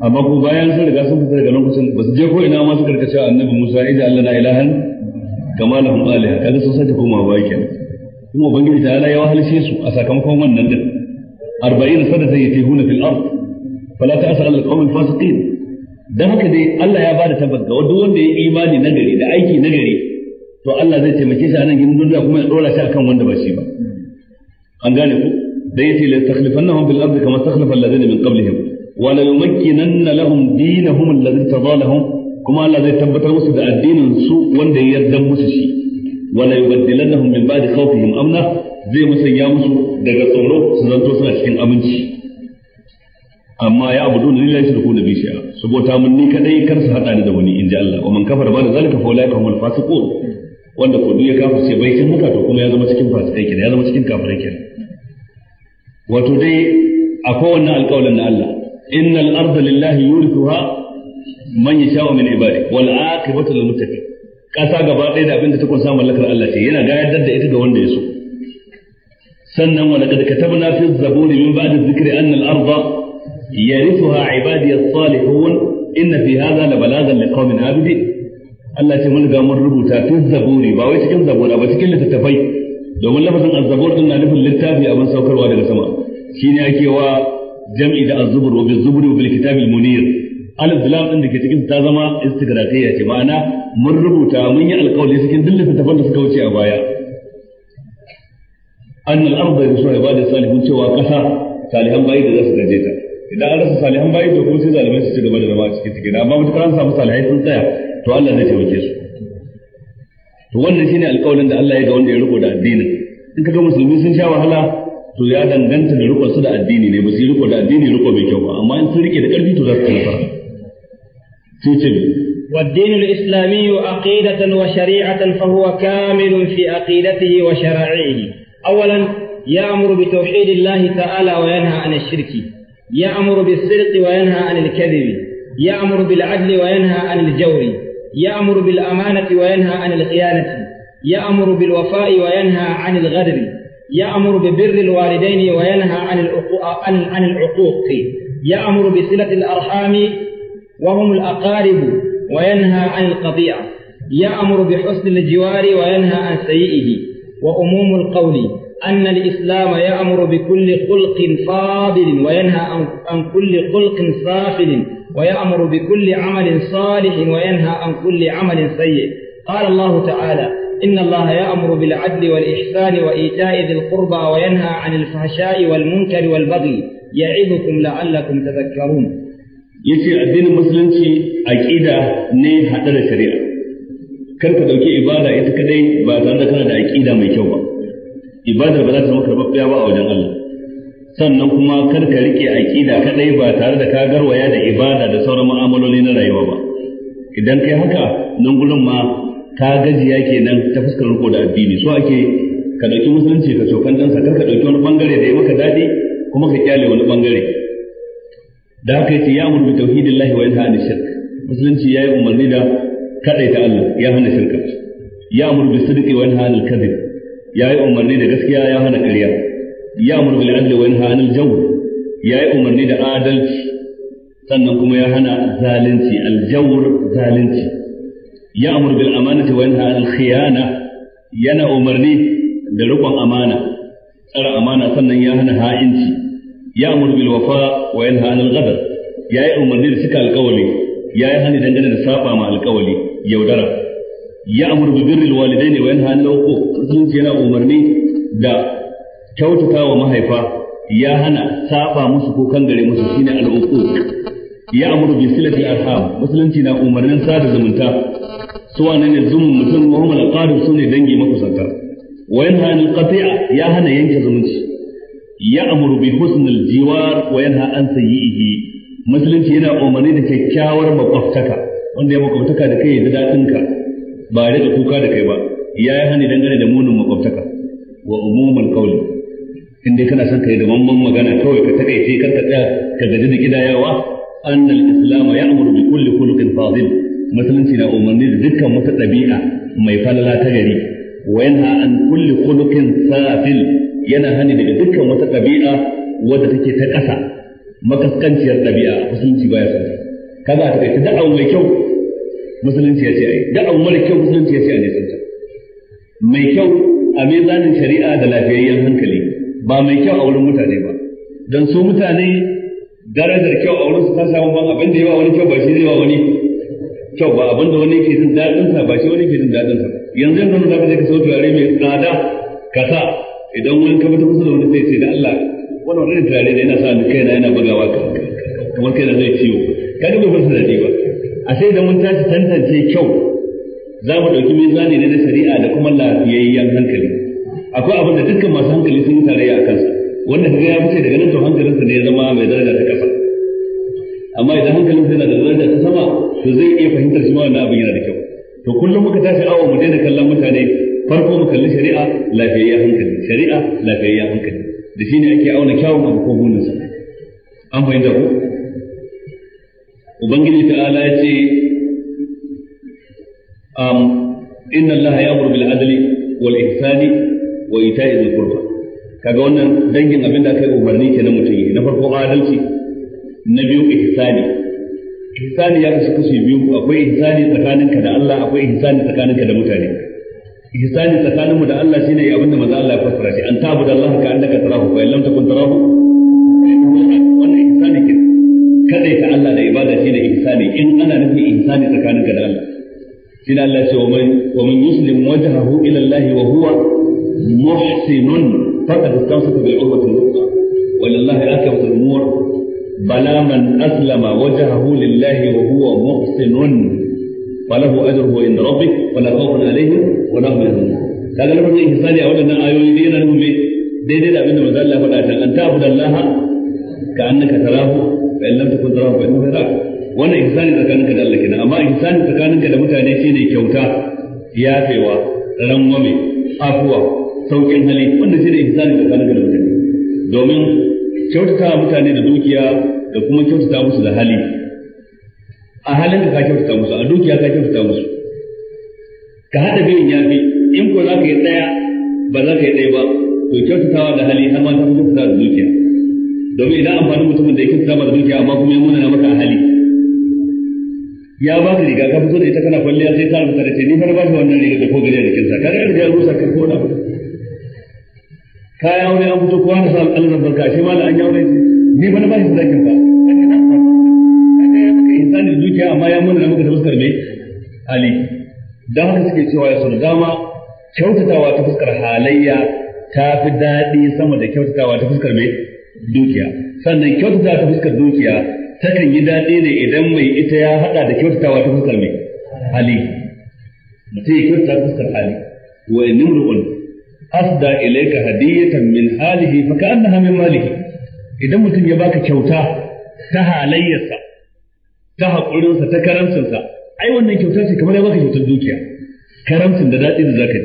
amma ko bayan sun riga sun fita daga nan kusan ba su je ko ina ma su karkace annabi Musa ya ji Allah na ilahan kama lahum aliha kaga sun sake koma baya kenan kuma ubangiji ta ala ya wahalshe su a sakamakon wannan din 40 sadata yatihuna fil ard fala ta'sa al qawm al fasiqin dan haka dai Allah ya bada tabbata ga duk wanda ya imani nagari da aiki nagari to Allah zai taimake shi a nan gidan duniya kuma ya dora shi akan wanda ba shi ba an gane ku da yace la takhlifannahum bil ardi kama takhlafa alladhina min qablihim wa la yumakkinanna lahum dinahum alladhi tadalahum kuma Allah zai tabbatar musu da addinin su wanda ya yarda musu shi wa la yubaddilannahum min ba'di khawfihim amna zai musanya musu daga tsoro su zanto suna cikin aminci amma ya abu dole lillahi shirku da bishiya saboda mun ni kadai kar su hada ni da wani inji Allah wa man kafara ba da zalika fa ulaika humul fasiqun wanda ko ya kafa kafirce bai kin haka to kuma ya zama cikin fasikai kenan ya zama cikin kafirai kenan wato dai akwai wannan alƙawalin na Allah innal arda lillahi yurithuha man yasha'u min ibadi wal aqibatu lil muttaqin kasa gaba ɗaya da abin da ta kunsa mallakar Allah ce yana gayar da ita ga wanda ya so sannan wa laqad katabna fi zaburi min ba'di dhikri anna al arda yarithuha ibadi as-salihun inna fi hadha la balagan liqaumin abidin Allah ce mun riga mun rubuta fi zaburi ba wai cikin zabura ba cikin littattafai domin lafazin azzabur din na nufin littafi abin saukarwa daga sama shine ake wa jam'i da azzubur wa bizuburi wa bil kitabil munir alif da lam din da ke cikin ta zama istigraqiyya ce ma'ana mun rubuta mun yi alƙawari cikin duk littattafan da suka wuce a baya an al-ardh yusra ibadu salihun cewa kasa salihan bayi da za su gaje ta idan an rasa salihan bayi to kuma sai zalimai su ci gaba da zama a cikin cikin amma mutakar an samu salihai sun tsaya to Allah zai taimake su to wannan shine alƙawarin da Allah ya ga wanda ya riko da addinin in kaga musulmi sun sha wahala to ya danganta da riko su da addini ne ba su riko da addini riko mai kyau ba amma in sun rike da ƙarfi to za su nasara sai ce والدين الإسلامي عقيدة وشريعة فهو كامل في عقيدته وشرائعه أولا يأمر بتوحيد الله تعالى وينهى عن الشرك يأمر بالصدق وينهى عن الكذب يأمر بالعدل وينهى عن الجور يأمر بالأمانة وينهى عن الخيانة يأمر بالوفاء وينهى عن الغدر يأمر ببر الوالدين وينهى عن عن العقوق يأمر بصلة الأرحام وهم الأقارب وينهى عن القطيعة يأمر بحسن الجوار وينهى عن سيئه وأموم القول أن الإسلام يأمر بكل خلق فاضل وينهى عن كل خلق صافل ويأمر بكل عمل صالح وينهى عن كل عمل سيء قال الله تعالى إن الله يأمر بالعدل والإحسان وإيتاء ذي القربى وينهى عن الفحشاء والمنكر والبغي يعظكم لعلكم تذكرون yace addinin musulunci aqida ne hada da shari'a kar ka dauki ibada ita kadai ba tare da kana da aqida mai kyau ba ibadar ba za ba a wajen Allah sannan kuma kar ka rike aqida kadai ba tare da ka garwaya da ibada da sauran mu'amaloli na rayuwa ba idan kai haka nan gurin ma ka gajiya kenan ta fuskar riko da addini so ake ka dauki musulunci ka so kan dansa kar ka dauki wani bangare da ya maka dadi kuma ka kyale wani bangare da haka yace ya amuru bi tauhidillahi wa yanha anil shirk musulunci yayi umarni da ta Allah ya hana shirka ya amuru bi wa yanha anil kadhib yayi umarni da gaskiya ya hana ƙarya ya'muru bil adli wa yanha 'anil ya yi umarni da adalci sannan kuma ya hana zalunci al jawr zalunci ya'muru bil amanati wa yanha 'anil khiyana yana umarni da rikon amana tsara amana sannan ya hana ha'inci ya'muru bil wafa wa yanha 'anil ya yi umarni da cika alƙawari yayi hani dangane da saba ma alƙawari yaudara Ya ya'muru bi birril walidaini wa yanha 'anil uquq yana umarni da kyautata wa mahaifa ya hana saba musu ko kan gare musu shine al'uquq ya amuru bi silati arham musulunci na umarnin sada zumunta su wannan ne zumun mutum wa hum al-qarib sune dangi makusanta wa yanha an qati'a ya hana yanke zumunci ya amuru bi husnil jiwar wa yanha an sayyihi musulunci yana umarni da kyakkyawar makwabtaka wanda ya makwabtaka da kai da dadin ka ba da kuka da kai ba ya yi hani dangane da munin makwabtaka wa umumul qawli in dai kana son kai da mamman magana kawai ka takaice kar ka tsaya ka gaji da kidayawa annal islamu ya'muru bi kulli khuluqin fadil musulunci na umarni da dukkan wata ɗabi'a mai falala ta gari wa yanha an kulli khuluqin safil yana hani daga dukkan wata ɗabi'a wadda take ta ƙasa makaskanciyar ɗabi'a musulunci baya son kaga ta kai da'awa mai kyau musulunci ya ce ai da'awa mara kyau musulunci ya ce a nisanta mai kyau a mezanin shari'a da lafiyayyen hankali ba mai kyau a wurin mutane ba don su mutane darajar kyau a wurin su ta samu ban abin da yawa wani kyau ba shi zai wa wani kyau ba abin da wani ke jin daɗin sa ba shi wani ke jin daɗin sa yanzu yanzu za ka je ka sau turare mai tsada ka sa idan wani ka fita kusa da wani sai sai da Allah wani wani turare da yana sa ni kaina yana bugawa kamar kaina zai ciwo ka bai fasa da ba a sai da mun tashi tantance kyau za mu ɗauki mizani ne na shari'a da kuma lafiyayyen hankali akwai abin da dukkan masu hankali sun yi tarayya a kansa wanda kaga ya fice daga nan to hankalinsa ne ya zama mai daraja ta kasa amma idan hankalinsa yana da daraja ta sama to zai iya fahimtar shi ma wannan abin yana da kyau to kullum muka tashi awa mu daina kallon mutane farko mu kalli shari'a lafiyayya hankali shari'a lafiyayya hankali da shi ne ake auna kyawun abu ko sa an fahimta ko ubangiji ta'ala ya ce um, inna allaha ya'muru bil adli wal ihsani wa ita'i zil kurba kaga wannan dangin abin da aka yi umarni na mutum yi na farko adalci na biyu ihsani ihsani ya kasu kashi biyu akwai ihsani tsakaninka da Allah akwai ihsani tsakaninka da mutane ihsani tsakaninmu da Allah shine abin da manzo Allah ya fassara shi an tabu da Allah ka annaka tarahu fa illam takun tarahu wannan ihsani ke kada ta Allah da ibada shine ihsani in ana nufin ihsani tsakaninka da Allah shine Allah ya ce wa man wa man yuslim wajhahu ila Allah wa huwa محسن فقط استمسك بالعروة الوثقى ولله أكبر الأمور بلا من أسلم وجهه لله وهو محسن فله أجره عند ربه ولا خوف عليهم ولا هم يحزنون هذا لم يكن إحسان يعود أن آيوني دينا لهم به إيه؟ دينا لأبن مزال لا أن تعبد الله كأنك تراه فإن لم تكن تراه فإنه يراك وأنا إحسان تكانك لألك أما إحسان تكانك لمتعني شيني كوتا يافي ورموم أفوه saukin hali wanda wannan shine ihsani tsakanin da mutane domin kyautata mutane da dukiya da kuma kyautata musu da hali a halin da ka kyautata musu a dukiya ka kyautata musu ka hada ya fi in ko za ka yi tsaya ba za ka yi ɗaya ba to kyautatawa da hali har ma ta kyautata da dukiya domin idan amfanin mutumin da ya kyautata da dukiya amma kuma ya muna na maka a hali ya ba ka riga ka fito da ita kana kwalliya sai ta rubuta da ce ni har ba shi wannan riga da ko gare da kinsa kare da ya rusa ka ko da kayan aure an fito kowa da sa alƙalar barka ashe ma an yi aure ni ba na ba shi zakin ba kaga ya maka insani da dukiya amma ya muna maka da fuskar me hali dan haka suke cewa ya sunu dama kyautatawa ta fuskar halayya ta fi daɗi sama da kyautatawa ta fuskar me dukiya sannan kyautatawa ta fuskar dukiya ta kan yi daɗi ne idan mai ita ya haɗa da kyautatawa ta fuskar me hali mutum ya kyautata ta fuskar hali wa nimrukun afda ilayka hadiyatan min halihi fa ka'annaha min idan mutum ya baka kyauta ta halayyarsa ta haƙurinsa ta karamcinsa ai wannan kyauta kamar ya baka kyautar dukiya karamcin da daɗi da zaka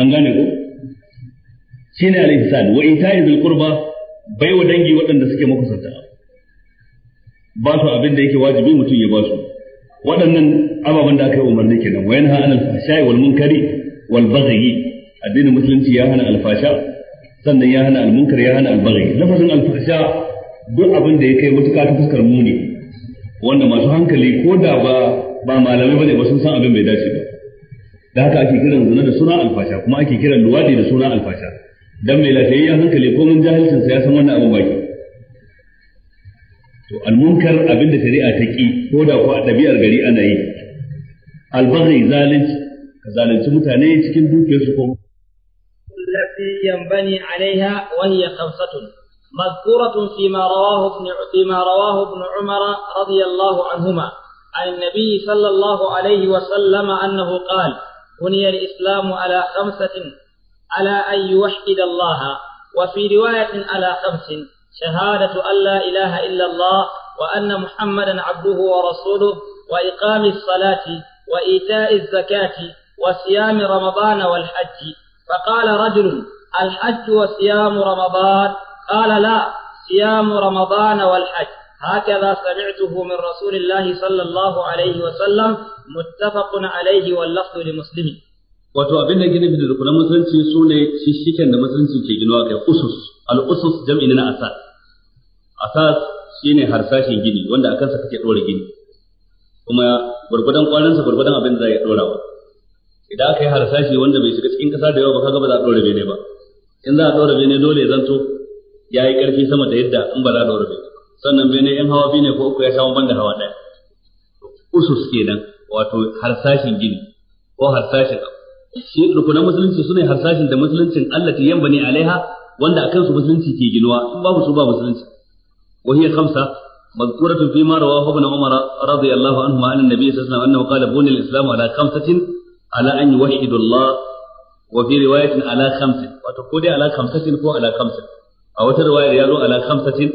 an gane ko shine al-ihsan wa ita'i dhil qurba bai wa dangi waɗanda suke makusanta ba su abin yake wajibi mutum ya ba waɗannan ababen da aka yi umarni kenan wa yanha anil fahsha'i wal munkari wal baghi addinin musulunci ya hana alfasha sannan ya hana almunkar ya hana albaghi lafazin alfasha duk abin da ya kai mutuka ta fuskar muni wanda masu hankali ko da ba ba malamai bane ba sun san abin bai dace ba da haka ake kiran zina da suna alfasha kuma ake kiran luwadi da suna alfasha dan mai lafiyayya hankali ko mun jahilcin sa ya san wannan abin baki to almunkar abin da shari'a ta ki ko da ko a ɗabi'ar gari ana yi albaghi zalunci ka zalunci mutane cikin dukiyarsu ko التي ينبني عليها وهي خمسة مذكورة فيما رواه ابن فيما رواه ابن عمر رضي الله عنهما عن النبي صلى الله عليه وسلم أنه قال بني الإسلام على خمسة على أن يوحد الله وفي رواية على خمس شهادة أن لا إله إلا الله وأن محمدا عبده ورسوله وإقام الصلاة وإيتاء الزكاة وصيام رمضان والحج فقال رجل الحج وصيام رمضان قال لا صيام رمضان والحج هكذا سمعته من رسول الله صلى الله عليه وسلم متفق عليه واللفظ لمسلم wato abin da gina da rukunan musulunci su ne shishiken da musulunci ke ginuwa kai usus al-usus jam'i na asas asas shine harsashin gini wanda akan sa kake dora gini kuma gurgudan kwanan gurgudan abin da ya dora wa idan aka yi harsashi wanda bai shiga cikin kasa da yawa ba kaga ba za a ɗora bene ba in za a ɗora bene dole ya zanto ya yi ƙarfi sama da yadda in ba za a ɗora bene sannan bene in hawa biyu ne ko uku ya sha banda hawa ɗaya usus kenan wato harsashin gini ko harsashin shi rukunan musulunci suna harsashin da musuluncin Allah ta yamba ne alaiha wanda akan su musulunci ke ginuwa in babu su ba musulunci wa ya kamsa, مذكورة فيما رواه ابن عمر رضي الله عنهما عن النبي صلى الله عليه وسلم أنه قال بني الإسلام على خمسة ala an yuwahhidu Allah wa ala khamsin wato ko ala khamsatin ko ala khamsin a wata riwayar ya zo ala khamsatin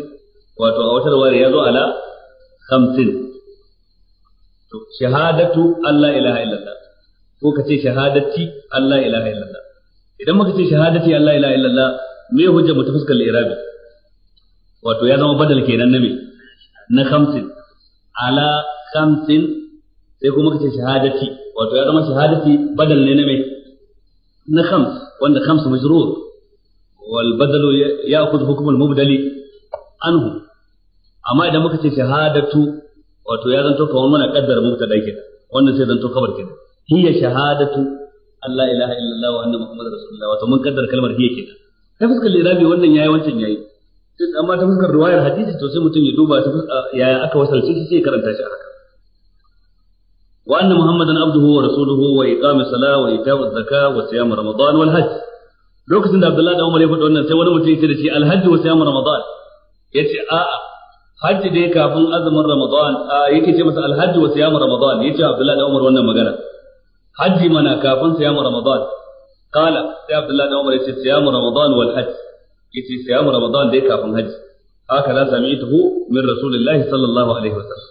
wato a wata riwayar ya zo ala shahadatu Allah illallah ko ka ce shahadati Allah ilaha illallah idan muka ce shahadati Allah ilaha illallah me hujja mu ta fuskar irabi wato ya zama badal kenan na me na khamsin ala khamsin sai kuma ka ce shahadati wato ya zama shahadati badal ne na mai na khams wanda khams majrur wal badalu ya'khudhu hukm al mubdali anhu amma idan muka ce shahadatu wato ya zanto kawai mana kaddar mubtada kenan wannan sai zanto kabar kenan hiya shahadatu Allah ilaha illallah wa anna muhammadar rasulullah wato mun kaddar kalmar hiya kenan ta fuskar lirabi wannan yayi wancan yayi amma ta fuskar riwayar hadisi to sai mutum ya duba yaya aka wasalce shi sai karanta shi a haka wa anna muhammadan abduhu wa rasuluhu wa iqamis salah wa ita'uz zakah wa siyam ramadan wal hajj lokacin da abdullahi da umar ya faɗi wannan sai wani mutum ya ce da shi alhajj wa siyam ramadan yace a'a hajji dai kafin azumin ramadan a yake ce masa alhajji wa siyam ramadan yace abdullahi da umar wannan magana hajji mana kafin siyam ramadan kala sai abdullahi da umar yace siyam ramadan wal hajj yace ramadan dai hajji sami min sallallahu alaihi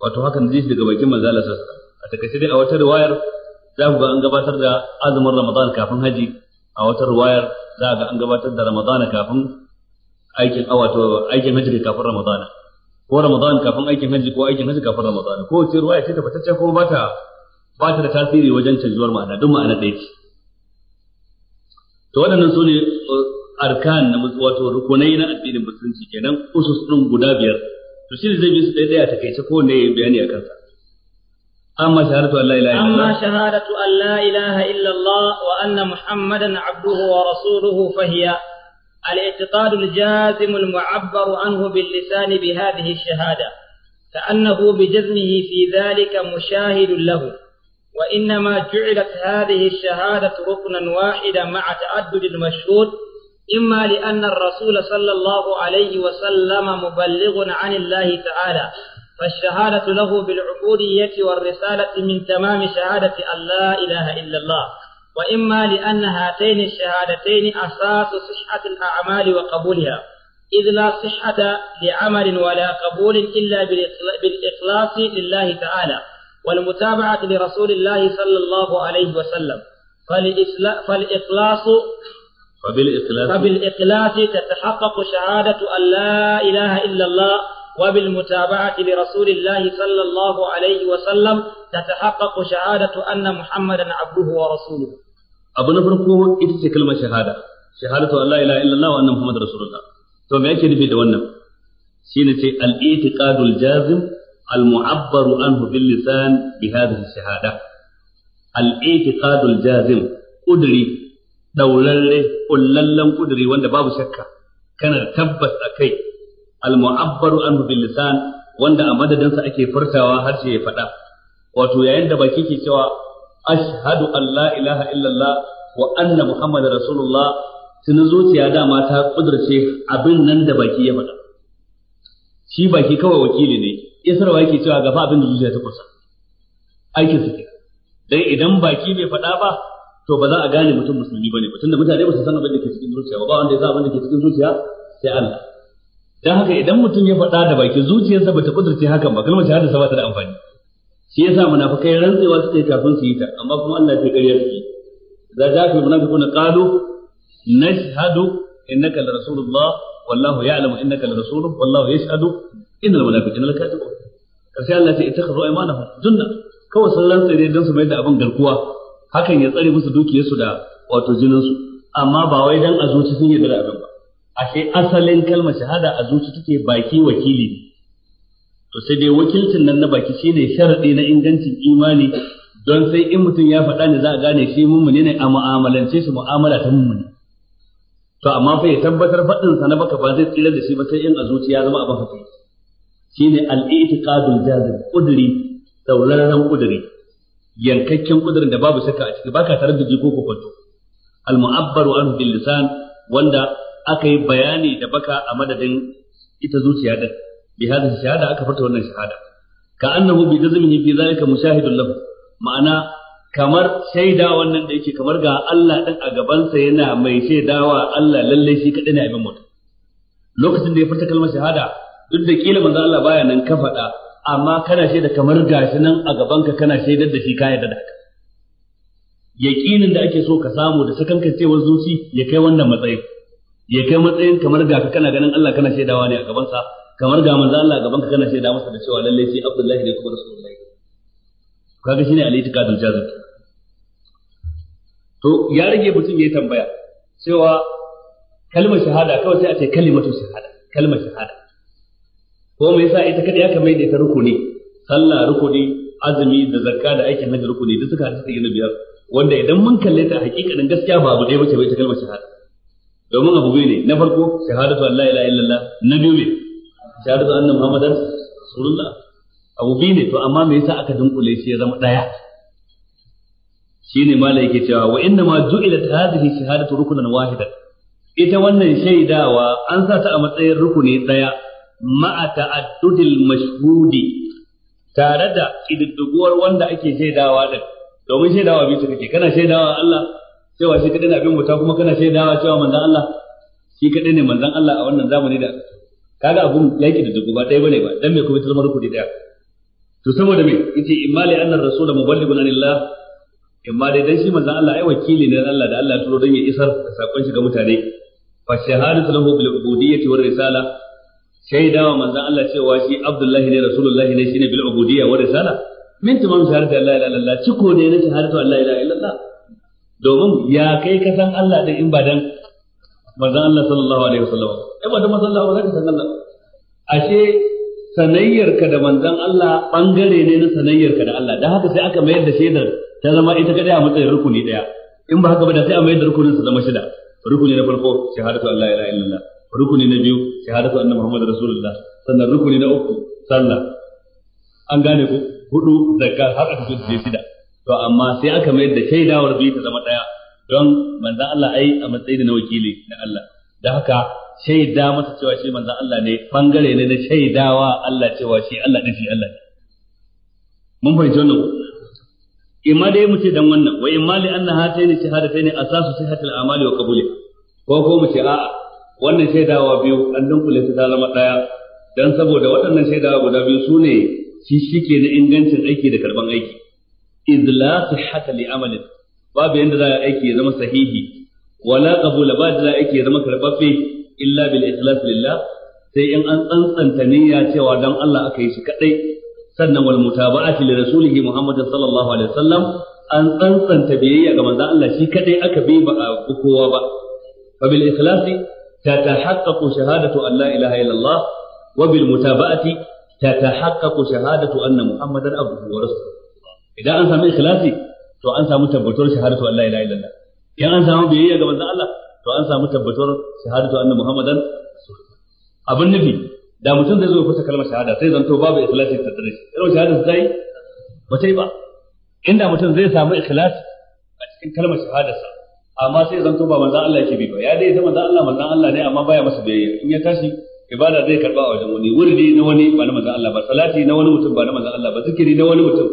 wato hakan zai daga bakin manzo Allah a takaice dai a wata riwayar za ku ga an gabatar da azumin Ramadan kafin haji a wata riwayar za ga an gabatar da Ramadan kafin aikin wato aikin haji kafin Ramadan ko Ramadan kafin aikin haji ko aikin haji kafin Ramadan ko wace riwaya ce tabbatacce ko ba ta ba ta da tasiri wajen canjuwar ma'ana duk ma'ana ɗaya ce to waɗannan su ne uh, arkan na wato rukunai na addinin musulunci kenan usus ɗin guda biyar to shi zai bi su ɗaya ɗaya a takaice ko ne bayani a kansa amma shahadatu an la ilaha illallah amma shahadatu an la ilaha illallah wa anna muhammadan abduhu wa rasuluhu fahiya الاعتقاد الجازم المعبر عنه باللسان بهذه الشهاده كانه بجزمه في ذلك مشاهد له وانما جعلت هذه الشهاده ركنا واحدا مع تعدد المشهود إما لأن الرسول صلى الله عليه وسلم مبلغ عن الله تعالى فالشهادة له بالعبودية والرسالة من تمام شهادة أن لا إله إلا الله وإما لأن هاتين الشهادتين أساس صحة الأعمال وقبولها إذ لا صحة لعمل ولا قبول إلا بالإخلاص لله تعالى والمتابعة لرسول الله صلى الله عليه وسلم فالإخلاص فبالإخلاص فبالإخلاص تتحقق شهادة أن لا إله إلا الله وبالمتابعة لرسول الله صلى الله عليه وسلم تتحقق شهادة أن محمدا عبده ورسوله أبو نفرقه إتسي كلمة شهادة شهادة أن لا إله إلا الله وأن محمد رسول الله ثم يأتي نبي دوانا سينة الإعتقاد الجازم المعبر عنه باللسان بهذه الشهادة الإعتقاد الجازم قدري daulalle kullallen kuduri wanda babu shakka kana tabbas a kai. al-mu'abbaru anhu bil lisan wanda a madadin sa ake furtawa har sai ya faɗa wato yayin da baki ke cewa ashhadu an la ilaha illallah wa anna muhammadar rasulullah tunan zuciya dama ta kudurce abin nan da baki ya faɗa shi baki kawai wakili ne isarwa yake cewa gaba abin da zuciya ta kusa aikin su dai idan baki bai faɗa ba to ba za a gane mutum musulmi bane ba tunda mutane ba su san abin da ke cikin zuciya ba wanda ya san abin da ke cikin zuciya sai Allah dan haka idan mutum ya faɗa da baki zuciyarsa bata kudurce hakan ba kalmar shahada ba ta da amfani shi yasa munafikai rantsewa suke kafin su yi ta amma kuma Allah ya ƙarya su za ta fi munafiquna qalu nashhadu innaka la rasulullah wallahu ya'lamu innaka la rasuluhu wallahu yashhadu innal munafiqina lakatibun karshe Allah ya ce ittakhadhu aymanahum junna kawai sun rantsa ne dan su mai da abin garkuwa hakan ya tsare musu dukiyarsu da wato jininsu amma ba wai dan a zuci sun yi da abin ba ashe asalin kalmar shahada a zuci take baki wakili ne to sai dai wakilcin nan na baki shine sharadi na ingancin imani don sai in mutum ya faɗa ne za a gane shi mummuni ne a mu'amalance shi mu'amala ta mummuni to amma fa ya tabbatar faɗin sa na baka ba zai tsira da shi ba sai in a zuci ya zama abin haka shine al-i'tiqadul jazim qudri sauraron qudri yankakken kudirin da babu saka a ciki baka tare da jiko ko kwanto al mu'abbaru an bil lisan wanda aka yi bayani da baka a madadin ita zuciya da, bi hada shahada aka fata wannan shahada ka annahu bi jazmihi fi zalika mushahidul lahu ma'ana kamar shaida wannan da yake kamar ga Allah din a gabansa yana mai shaidawa Allah lalle shi kadai ne a abin mutum lokacin da ya furta kalmar shahada duk da kila manzo Allah baya nan ka faɗa amma kana shaida kamar gashi nan a gabanka kana shaidar da shi ka yarda da haka yaqinin da ake so ka samu da cewa zuci ya kai wannan matsayin ya kai matsayin kamar ga kana ganin Allah kana shaidawa ne a gabansa kamar ga manzo Allah a gabanka kana shaida masa da cewa lalle shi Abdullahi ne kuma Rasulullahi kaga shine al-itiqadul jazim to ya rage mutum ya tambaya cewa kalmar shahada kawai sai a ce kalimatu shahada kalmar shahada ko me yasa ita kada aka mai da ita rukuni sallah rukuni azumi da zakka da aikin hajji rukuni duk suka hadisi gina biyar wanda idan mun kalle ta hakikanin gaskiya ba abu ɗaya bace bai ta kalmar shahada domin abu biyu ne na farko shahadatu an la ilaha illallah na biyu ne shahadatu anna muhammadar rasulullah abu biyu ne to amma me yasa aka dunkule shi ya zama ɗaya shine malai yake cewa wa inna ma ju'ilat hadhihi shahadatu rukunan wahidan ita wannan shaidawa an sa ta a matsayin rukuni ɗaya ma'a ta'addudil mashhudi tare da kididdiguwar wanda ake shaidawa din domin shaidawa bi take. kana shaidawa Allah cewa shi kadai na abin wuta kuma kana shaidawa cewa manzon Allah shi kadai ne manzon Allah a wannan zamani da kaga abun yaki da dugu ba ɗaya bane ba dan me kuma tilmar kudi daya to saboda me yace imma li anna rasul muballighun anillah imma dai dan shi manzon Allah ai wakili ne Allah da Allah turo dan ya isar da sakon shi ga mutane fa shahadatu lahu bil ubudiyyati war risala shaidawa manzon Allah cewa shi Abdullahi ne Rasulullahi ne shine bil ubudiyya wa risala min tamam shahadatu la ilaha illallah ciko ne na shahadatu la ilaha illallah domin ya kai ka san Allah din in ba dan manzon Allah sallallahu alaihi wasallam eh ba dan manzon Allah ba ka san Allah ashe sanayyarka da manzon Allah bangare ne na sanayyarka da Allah dan haka sai aka mayar da shaidar ta zama ita kadai a matsayin rukuni daya in ba haka ba da sai a mayar da rukunin su zama shida rukuni na farko shahadatu la ilaha illallah rukuni na biyu shahadatu anna Muhammadu rasulullah sannan rukuni na uku sallah an gane ko hudu zakka har aka zo da sida. to amma sai aka mai da shaidawar biyu ta zama daya don manzon Allah ai a matsayin na wakili na Allah da haka shaida masa cewa shi manzon Allah ne bangare ne na shaidawa Allah cewa shi Allah ne shi Allah ne mun fahimci wannan imma dai mu ce dan wannan wa imma li anna hataini shahadataini asasu sihhatil amali wa qabuli ko ko mu ce a'a wannan shaidawa biyu an dunkule su ta zama ɗaya dan saboda waɗannan shaidawa guda biyu su ne shi shike na ingancin aiki da karban aiki idh la li amalin babu yadda za a aiki ya zama sahihi wala qabula ba da za aiki ya zama karbabbe illa bil ikhlas lillah sai in an tsantsanta niyya cewa dan Allah aka yi shi kadai sannan wal mutaba'ati li rasulih Muhammad sallallahu alaihi wasallam an tsantsanta biyayya ga manzon Allah shi kadai aka bi ba kowa ba fa bil ikhlasi تتحقق شهادة أن لا إله إلا الله وبالمتابعة تتحقق شهادة أن محمدا عبده ورسوله إذا من إخلاصي to an samu tabbatar shahadatu Allah ila an samu biyayya to an samu tabbatar shahadatu anna muhammadan abin nufi da mutum zai zo ya kalmar shahada sai zanto babu ikhlasi ta tare shi irin shahada ba ba inda mutum zai samu ikhlasi a cikin kalmar amma sai zan ba manzan Allah yake bi ba ya dai ta manzan Allah manzan Allah ne amma baya masa biyayya in ya tashi ibada zai karba a wajen wani wurdi na wani ba na manzan Allah ba salati na wani mutum ba na manzan Allah ba zikiri na wani mutum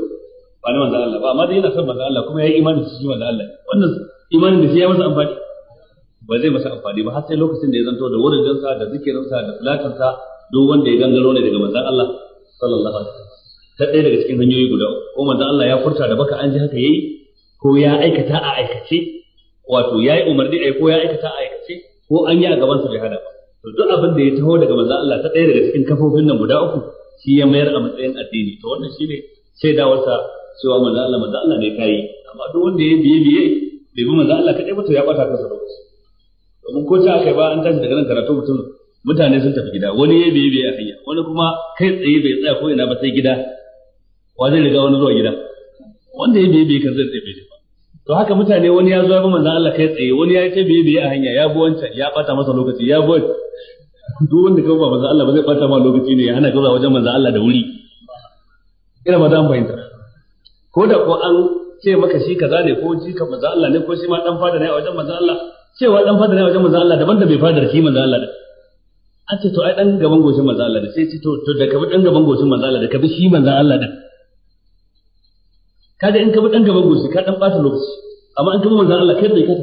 ba na manzan Allah ba amma dai yana son manzan Allah kuma ya yi imanin shi manzan Allah wannan imanin da shi ya masa amfani ba zai masa amfani ba har sai lokacin da ya zanto da wurdinsa da sa da sa duk wanda ya gangaro ne daga manzan Allah sallallahu alaihi ta ɗaya daga cikin hanyoyi guda ko manzan Allah ya furta da baka an ji haka yayi ko ya aikata a aikace wato ya yi umarni ko ya aikata a aikace ko an yi a gaban su jihada hada ba to duk abin da ya taho daga manzo Allah ta ɗaya daga cikin kafofin nan guda uku shi ya mayar a matsayin addini to wannan shine shaidawarsa cewa manzo Allah manzo Allah ne kai amma duk wanda ya biye biye bai bi manzo Allah kadai ba to ya bata kansa lokaci domin ko ta kai ba an tashi daga nan karatu mutum mutane sun tafi gida wani ya biye biye a hanya wani kuma kai tsaye bai tsaya ko ina ba sai gida wa zai riga wani zuwa gida wanda ya biye biye kan zai tsaye to haka mutane wani ya zo ya bi manzon Allah kai tsaye wani ya yi ta biye biye a hanya ya bi wancan ya bata masa lokaci ya bi duk wanda ka ba manzon Allah ba zai bata ma lokaci ne ya hana gaza wajen manzon Allah da wuri ina ba dan fahimta ko da ko an ce maka shi kaza ne ko shi ka manzon Allah ne ko shi ma dan fada ne a wajen manzon Allah cewa dan fada ne a wajen manzon Allah daban da bai fadar shi manzon Allah da an ce to ai dan gaban goshin manzon Allah da sai ce to da ka bi dan gaban goshin manzon Allah da ka bi shi manzon Allah da kaga in ka bi dan gaban goshi ka dan bata lokaci amma in ka bi manzon Allah kai da ka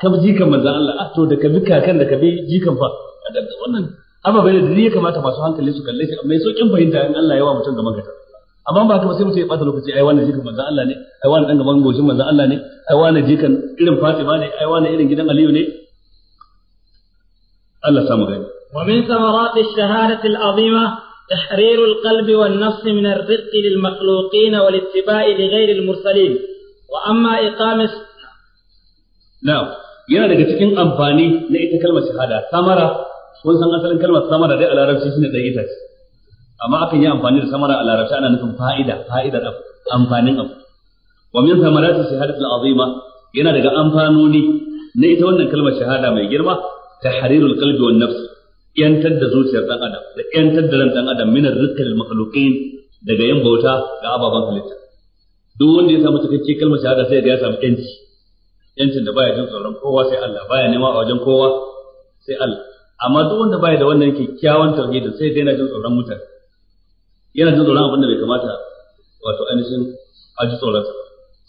ka bi jikan manzon Allah ah to da ka bi kakan da ka bi jikan fa wannan bai da dai ya kamata masu hankali su kalle shi amma mai saukin fahimta in Allah ya wa mutum gaban gata amma ba haka sai mutum ya bata lokaci ai wannan jikan manzon Allah ne ai wannan dan gaban goshin manzon Allah ne ai wannan jikan irin Fatima ne ai wannan irin gidan Aliyu ne Allah samu gani ومن ثمرات الشهادة العظيمة تحرير القلب والنفس من الرق للمخلوقين والاتباع لغير المرسلين وأما إقامة نعم yana daga cikin amfani na ita kalmar shahada samara kun san asalin kalmar samara dai a larabci shine amma akan yi amfani da samara a larabci ana nufin fa'ida fa'idar abu amfanin abu wa min samarati shahadatul azima yana daga amfanoni na ita wannan kalmar shahada mai girma tahrirul qalbi wan nafs yantar da zuciyar dan adam da yantar da ran dan adam minar rizqi makhluqin daga yin bauta ga ababen halitta duk wanda ya samu cikakke kalmar shahada sai ga ya samu yanci yancin da baya jin tsoron kowa sai Allah baya nema a wajen kowa sai Allah amma duk wanda baya da wannan kyakkyawan tauhidin sai dai yana jin tsoron mutane yana jin tsoron abin da bai kamata wato ainihin a ji tsoronsa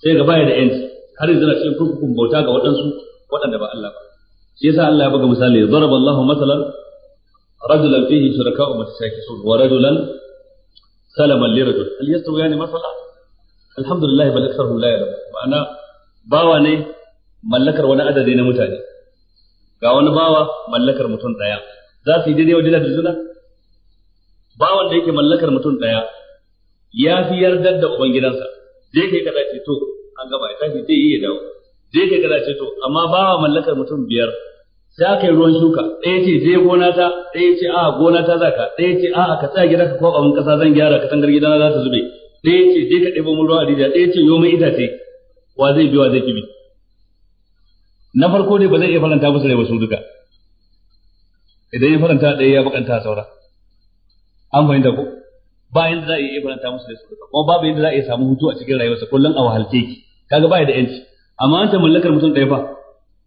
sai ga baya da yanci har yanzu na cikin kurkukun bauta ga waɗansu waɗanda ba Allah ba shi yasa Allah ya buga misali daraba Allahu masalan rajulan fihi shuraka'u mutashakisun wa rajulan salaman li rajul hal yastawiyani masala alhamdulillah bal aktharuhum la ya'lam ma'ana bawa ne mallakar wani adadi na mutane ga wani bawa mallakar mutum daya za su yi daidai wa da juna bawan da yake mallakar mutum daya ya fi yardar da ubangidansa je kai kaza ce to an gaba ya tashi iya dawo je amma bawa mallakar mutum biyar za ka yi ruwan shuka ɗaya ce je gona ta ɗaya ce a gona ta zaka ɗaya ce a ka tsaya gida ka kwaba min kasa zan gyara katangar gidana za ta zube ɗaya ce je ka ɗebo mun ruwa a rijiya ɗaya ce yo mai itace wa zai bi wa zai kibi na farko dai ba zai iya faranta musu da ba duka idan ya faranta ɗaya ya bakanta saura an fahimta ko ba yanda za a iya faranta musu rai su duka kuma babu yanda za a iya samu hutu a cikin rayuwarsa kullum a wahalce ki kaga ba da yanci amma an ta mallakar mutum ɗaya ba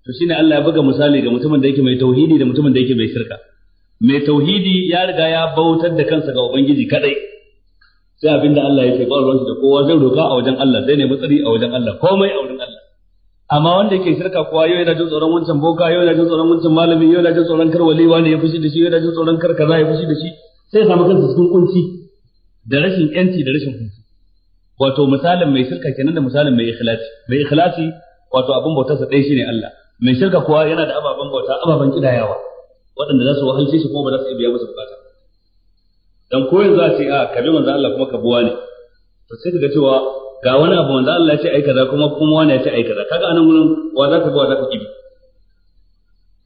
to shine Allah ya buga misali ga mutumin da yake mai tauhidi da mutumin da yake mai shirka mai tauhidi ya riga ya bautar da kansa ga ubangiji kadai sai abinda Allah ya ba ruwansa da kowa zai roka a wajen Allah zai ne matsari a wajen Allah komai a wajen Allah amma wanda yake shirka kuwa yau yana jin tsoron wancan boka yau yana jin tsoron wancan malami yau yana jin tsoron kar waliwa wani ya fushi da shi yau yana jin tsoron kar kaza ya fushi da shi sai ya samu kansa cikin kunci da rashin yanci da rashin kunci wato misalin mai shirka kenan da misalin mai ikhlasi mai ikhlasi wato abin bautarsa ɗaya shine Allah mai shirka kuwa yana da ababen bauta ababen kidayawa waɗanda za su wahalce shi ko ba za su iya biya masa bukata dan ko yanzu a ce a ah, kabi manzo Allah kuma ka buwa ne to sai kaga cewa ga wani abu manzo Allah ya ce ai kaza kuma kuma wani ya ce ai kaza kaga anan gurin wa za ka buwa za ka kibi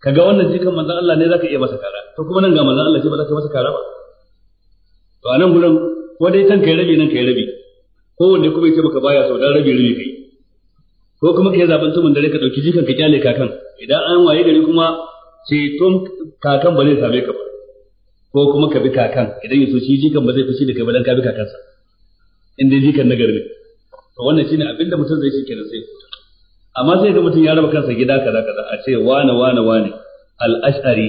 kaga wannan jikan manzo Allah ne za ka iya masa kara to kuma nan ga manzo Allah ce ba za ka masa kara ba to anan gurin ko dai can kai rabi nan kai rabi kowanne kuma ya ce baka baya sau dan rabi rabi kai ko kuma kai zaben tumun dare ka dauki jikan ka kyale kakan idan an waye gari kuma ceton kakan ba zai same ka ba ko kuma ka bi kakan idan yaso shi jikan ba zai fushi da kai ba dan ka bi kakansa in dai jikan nagari ne to wannan shine abin da mutum zai shi kenan sai amma sai ga mutum ya raba kansa gida kaza kaza a ce wane wane wane al-ash'ari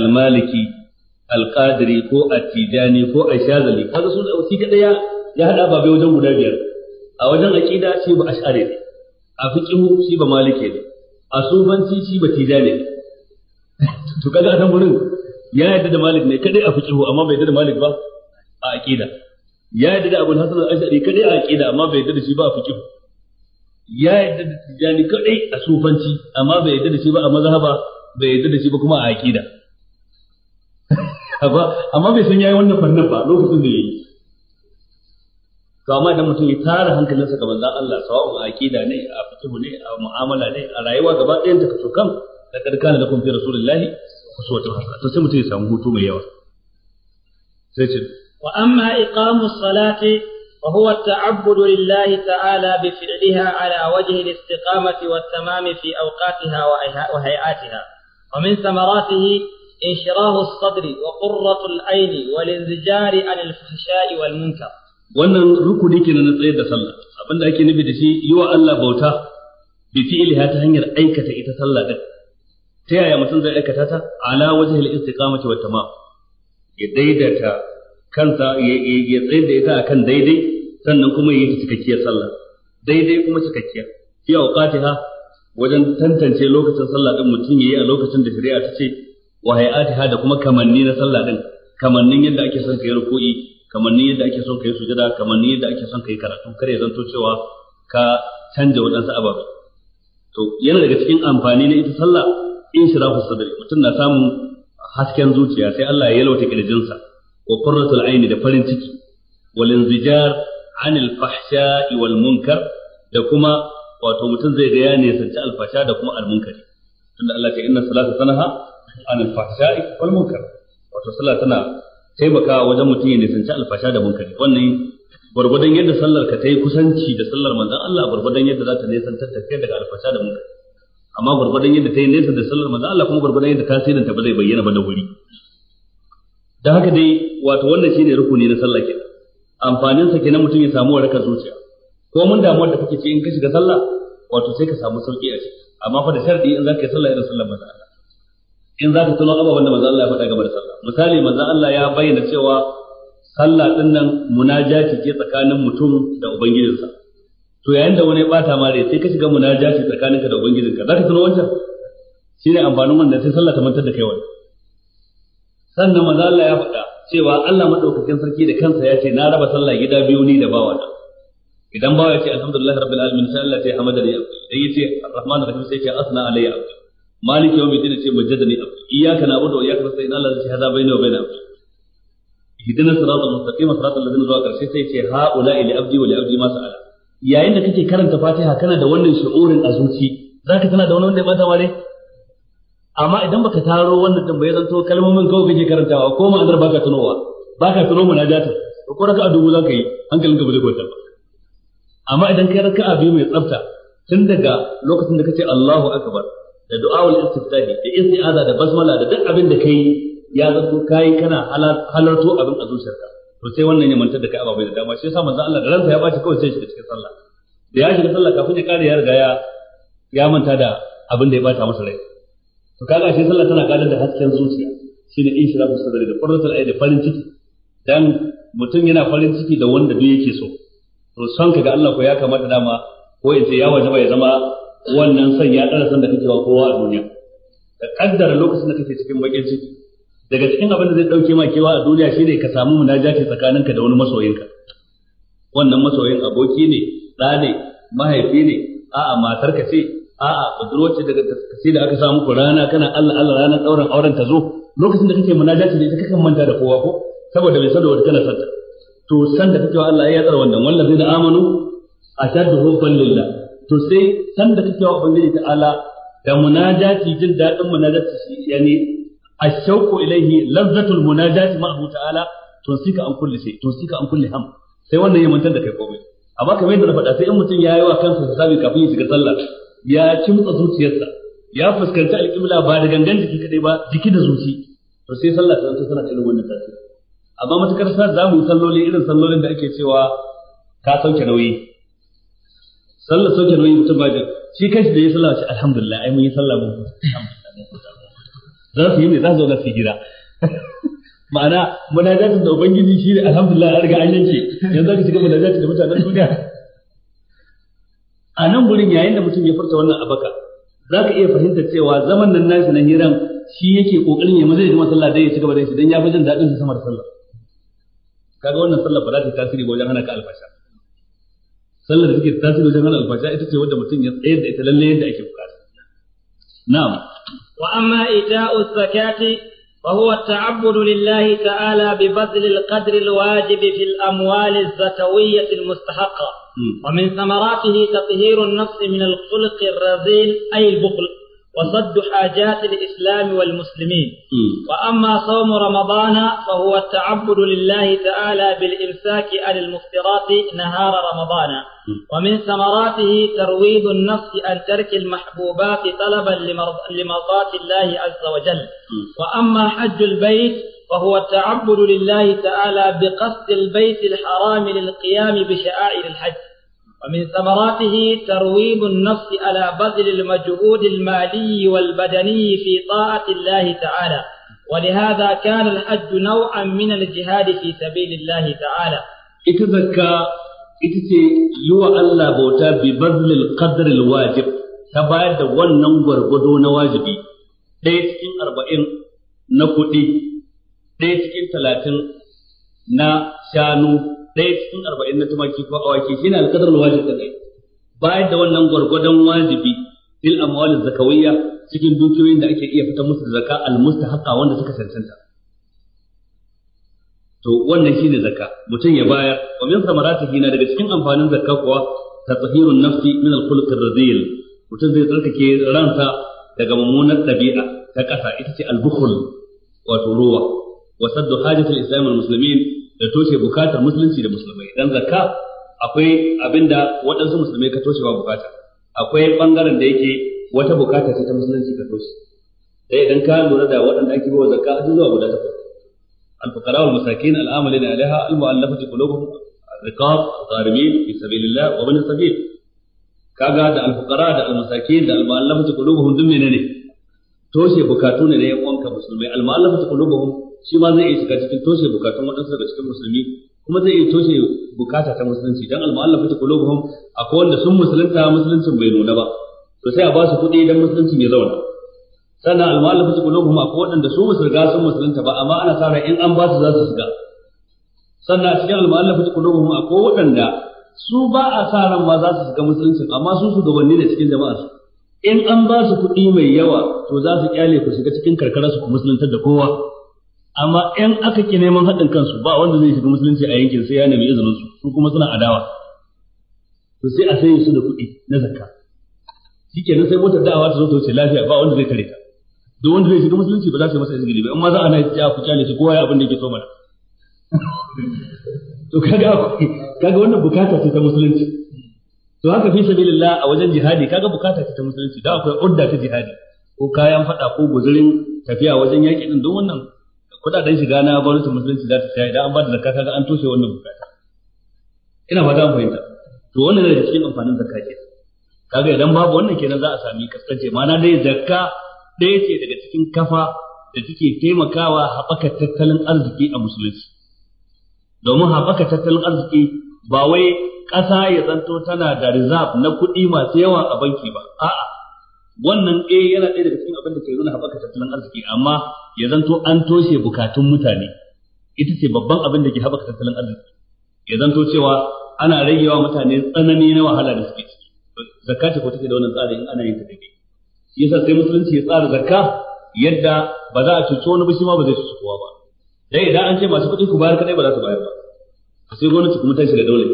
al-maliki al-qadiri ko at-tijani ko ash-shazali kaga su shi kada ya ya hada bai wajen guda biyar a wajen aqida shi ba ash'ari ne a fiƙihu shi ba maliki ne a sufanci shi ba tijani ne to kaga a nan gurin ya yarda da malik ne kadai a fiƙihu amma bai yarda da malik ba a aqida ya yarda da abul hasan al-ashari kadai a aqida amma bai yarda da shi ba a fiƙihu ya yarda da tijani kadai a sufanci amma bai yarda da shi ba a mazhaba bai yarda da shi ba kuma a aqida amma bai san yayi wannan fannin ba lokacin da yayi to amma idan mutum ya tara hankalinsa ga manzon Allah sawa'un a aqida ne a fiqhu ne a mu'amala ne a rayuwa gaba ɗayan ta kaso kan da da kun fi rasulillahi uswatun hasana to sai mutum ya samu hutu mai yawa sai ce wa amma iqamus salati wa huwa ta'abbudu lillahi ta'ala bi fi'liha ala wajhi al-istiqamati wa tamami fi awqatiha wa hay'atiha wa min thamaratihi انشراه الصدر وقرة العين والانزجار عن الفحشاء والمنكر wannan rukuni ke na tsayar da sallah abinda ake nufi da shi yi wa Allah bauta bi fi'liha ta hanyar aikata ita sallah din ta yaya mutum zai aikata ta ala wajhi al-istiqamati wa tamam ya daidaita kansa ya tsayar da ita akan daidai sannan kuma ya yi cikakkiyar sallah daidai kuma cikakkiya fi awqatiha wajen tantance lokacin sallah din mutum yayi a lokacin da shari'a ta ce wa hay'atiha da kuma kamanni na sallah din kamannin yadda ake son kai ruku'i kamar ni yadda ake son kai sujada kamar ni yadda ake son kai karatu kare to cewa ka canja waɗansu ababe to yana daga cikin amfani na ita sallah in shirafu sadari, mutum na samun hasken zuciya sai Allah ya yalwata kirjinsa wa qurratul aini da farin ciki wal inzijar anil fahsha'i wal munkar da kuma wato mutum zai ga ya nisanci alfasha da kuma almunkari tunda Allah ta inna salata sanaha anil fahsha'i wal munkar wato sallah tana Taimaka wajen mutum ya nisanci alfasha da munkari wannan gwargwadon yadda sallar ka ta yi kusanci da sallar manzan Allah gwargwadon yadda za ta nisan ta daga alfasha da munkari amma gwargwadon yadda ta yi nesa da sallar manzan Allah kuma gwargwadon yadda tasirin ta ba zai bayyana ba da wuri da haka dai wato wannan shine rukuni na sallah ke amfanin sa kenan mutum ya samu warakar zuciya ko mun damuwar da kake ci in ka shiga sallah wato sai ka samu sauki a ciki amma fa da sharadi in za ka yi sallah irin sallar manzan Allah in za ka tuno ababen da manzan Allah ya faɗa game da sallah misali manzo Allah ya bayyana cewa sallah din nan munajati ce tsakanin mutum da ubangijinsa to yayin da wani bata mare sai ka shiga munajati tsakaninka da ubangijinka zaka tuno wancan shine amfanin wanda sai sallah ta mantar da kai wani sannan manzo Allah ya faɗa cewa Allah madaukakin sarki da kansa ya ce na raba sallah gida biyu ni da bawa na idan bawa ya ce alhamdulillah rabbil alamin sai Allah ya hamdani abdi idan yace arrahman rahim sai ya asna alayya malik yau mai dina ce majjada ne abu iyaka na abu da iyaka nasta in Allah zai hada bai ne wa bai na abu hidina siratal mustaqim siratal ladzina zuwa karshe sai ce haula ila abdi wa li abdi masu ala. yayin da kake karanta fatiha kana da wannan shi'urin a zuci ka tana da wani wanda ya bata mare amma idan baka taro wannan din bai zanto kalmomin kawai kake karantawa ko ma ma'anar baka tunowa baka tuno muna munajata ko raka'a dubu zaka yi hankalinka ba zai kwanta ba amma idan kai raka'a biyu mai tsafta tun daga lokacin da kace Allahu akbar da du'a'ul istiftahi da isti'aza da basmala da duk abin da kai ya zanto kai kana halarto abin a zuciyarka to sai wannan ya mantar da kai ababai da dama shi yasa manzo Allah da ransa ya bace kawai sai shiga cikin sallah da ya shiga sallah kafin ya kare ya riga ya ya manta da abin da ya bata masa rai to kaga shi sallah tana kadar da hasken zuciya shine inshirafus sadri da qurratul ayn da farin ciki dan mutum yana farin ciki da wanda duk yake so to son ka ga Allah ko ya kamata dama ko in ce ya wajaba ya zama wannan son ya ɗara san da kake wa kowa a duniya ka kaddara lokacin da kake cikin bakin ciki daga cikin abin da zai dauke ma kewa a duniya shine ka samu munajati tsakaninka da wani masoyinka wannan masoyin aboki ne ɗa ne mahaifi ne a'a matar ka ce a'a budurwace daga sai da aka samu ku rana kana Allah Allah ranar ɗaurin auren ta zo lokacin da kake munajati da ita kakan manta da kowa ko saboda bai saboda kana santa to san da kake wa Allah ya tsara wannan wallahi da amanu ashaddu hubban lillah to sai san da kake wa ubangiji ta'ala da munajati jin dadin munajati shi yani ashauku ilaihi lazzatul munajati ma'ahu ta'ala to sika an kulli sai to sika an kulli ham sai wannan ya mantar da kai komai amma kamar yadda na faɗa sai in mutum ya yi wa kansa hisabi kafin ya shiga sallah ya kimtsa zuciyarsa ya fuskanci alƙibla ba da gangan jiki kadai ba jiki da zuci to sai sallah ta tana cikin wannan tasiri amma matukar sa za mu yi salloli irin sallolin da ake cewa ka sauke nauyi sallar soke ruwan mutum ba shi kashi da ya sallah shi alhamdulillah ai mun yi sallah mun za su yi ne za su zauna su gida ma'ana munajatin da ubangiji shi ne alhamdulillah ya riga an yanke yanzu ka shiga munajatin da mutanen duniya a nan gurin yayin da mutum ya furta wannan abaka za ka iya fahimta cewa zaman nan nashi na hiran shi yake kokarin ya maza ya ji masallah dai ya ci gaba da shi dan ya fi jin daɗin samar da sallah kaga wannan sallah ba za ta tasiri ba wajen hana ka alfasha sallar da suke tasiri wajen hana alfasha ita ce wadda mutum ya tsayar da ita lalle yadda ake bukata na'am wa amma ita'u zakati fa huwa ta'abbudu lillahi ta'ala bi bazlil al-qadr al-wajib fi al-amwal az-zakawiyyah al-mustahaqqa hmm. wa min thamaratihi tatheeru an-nafs min al-khuluq ar-razil ay al-bukhl وصد حاجات الإسلام والمسلمين وأما صوم رمضان فهو التعبد لله تعالى بالإمساك عن المفترات نهار رمضان ومن ثمراته ترويض النفس عن ترك المحبوبات طلبا لمرضاة الله عز وجل وأما حج البيت وهو التعبد لله تعالى بقصد البيت الحرام للقيام بشعائر الحج ومن ثمراته ترويب النفس على بذل المجهود المالي والبدني في طاعة الله تعالى ولهذا كان الحج نوعا من الجهاد في سبيل الله تعالى اتذكى اتتي يو الله بوتا ببذل القدر الواجب تبايد والنور بدون واجبي ديسكين أربعين نكوتي ديسكين ثلاثين na shanu ɗaya cikin arba'in na tumaki ko awaki shi ne alƙadar wajib da kai bayan da wannan gwargwadon wajibi fil amwal zakawiyya cikin dukiyoyin da ake iya fitar musu da zakka al mustahaqa wanda suka cancanta to wannan shine zaka mutum ya bayar wa min samaratihi na daga cikin amfanin zaka kuwa tatahirun nafsi min al khuluq mutum zai tsarkake ransa daga mummunar ɗabi'a ta ƙasa ita ce al wato ruwa wa saddu hajatul islam al da toshe bukatar musulunci da musulmai dan zakka akwai abinda waɗansu musulmai ka toshewa bukata akwai bangaren da yake wata bukata ce ta musulunci ka toshe sai idan ka lura da waɗanda ake bawa zakka a zuwa guda takwas الفقراء والمساكين العاملين عليها المؤلفة قلوبهم الرقاب الضاربين في سبيل الله ومن السبيل kaga da alfuqara da almasakin da almu'allafatu qulubuhum dun menene toshe bukatu ne da yan uwanka musulmai almu'allafatu qulubuhum shi ma zai iya shiga cikin toshe bukatun waɗansu daga cikin musulmi kuma zai iya toshe bukata ta musulunci dan al-mu'allafatu qulubuhum akwai wanda sun musulunta musuluncin bai nuna ba to sai a ba su kuɗi dan musuluncin ya zauna sannan al-mu'allafatu qulubuhum akwai waɗanda su musulga sun musulunta ba amma ana sa in an ba su za su shiga sannan a cikin al-mu'allafatu qulubuhum akwai waɗanda su ba a sa ran ma za su shiga musuluncin amma su gabanni ne cikin jama'a. su in an ba su kuɗi mai yawa to za su kyale ku shiga cikin karkara su ku musuluntar da kowa amma in aka ke neman haɗin kansu ba wanda zai shiga musulunci a yankin sai ya nemi izinin su su kuma suna adawa to sai a sayi su da kuɗi na zakka shikenan sai motar da'awa ta zo ta wuce lafiya ba wanda zai kare ta duk wanda zai shiga musulunci ba za su yi masa izini ba amma za a na ya ku kyale shi kowa ya abin da yake so mana to kaga kaga wannan bukata ce ta musulunci to haka fi sabilillah a wajen jihadi kaga bukata ce ta musulunci da akwai udda ta jihadi ko kayan fada ko guzurin tafiya wajen yaƙi din don wannan kudaden shiga na gwamnatin musulunci za ta tsaya idan an ba da zakka kaga an toshe wannan bukata ina fata an fahimta to wannan ne cikin amfanin zakka ke kaga idan babu wannan kenan za a sami kaskance ma'ana dai zakka ɗaya ce daga cikin kafa da take taimakawa haɓaka tattalin arziki a musulunci domin haɓaka tattalin arziki ba wai ƙasa ya zanto tana da rizab na kuɗi masu yawa a banki ba a'a wannan eh yana ɗaya daga cikin abin da ke nuna haɓaka tattalin arziki amma ya zanto an toshe bukatun mutane ita ce babban abin da ke haɓaka tattalin arziki ya zanto cewa ana ragewa mutane tsanani na wahala da suke ciki zakka ce ko take da wannan tsari in ana yin ta dake shi yasa sai musulunci ya tsara zakka yadda ba za a cuci wani ba shi ma ba zai cuci kowa ba dai idan an ce masu kuɗi ku bayar kadai ba za su bayar ba sai gwamnati kuma ta shiga dole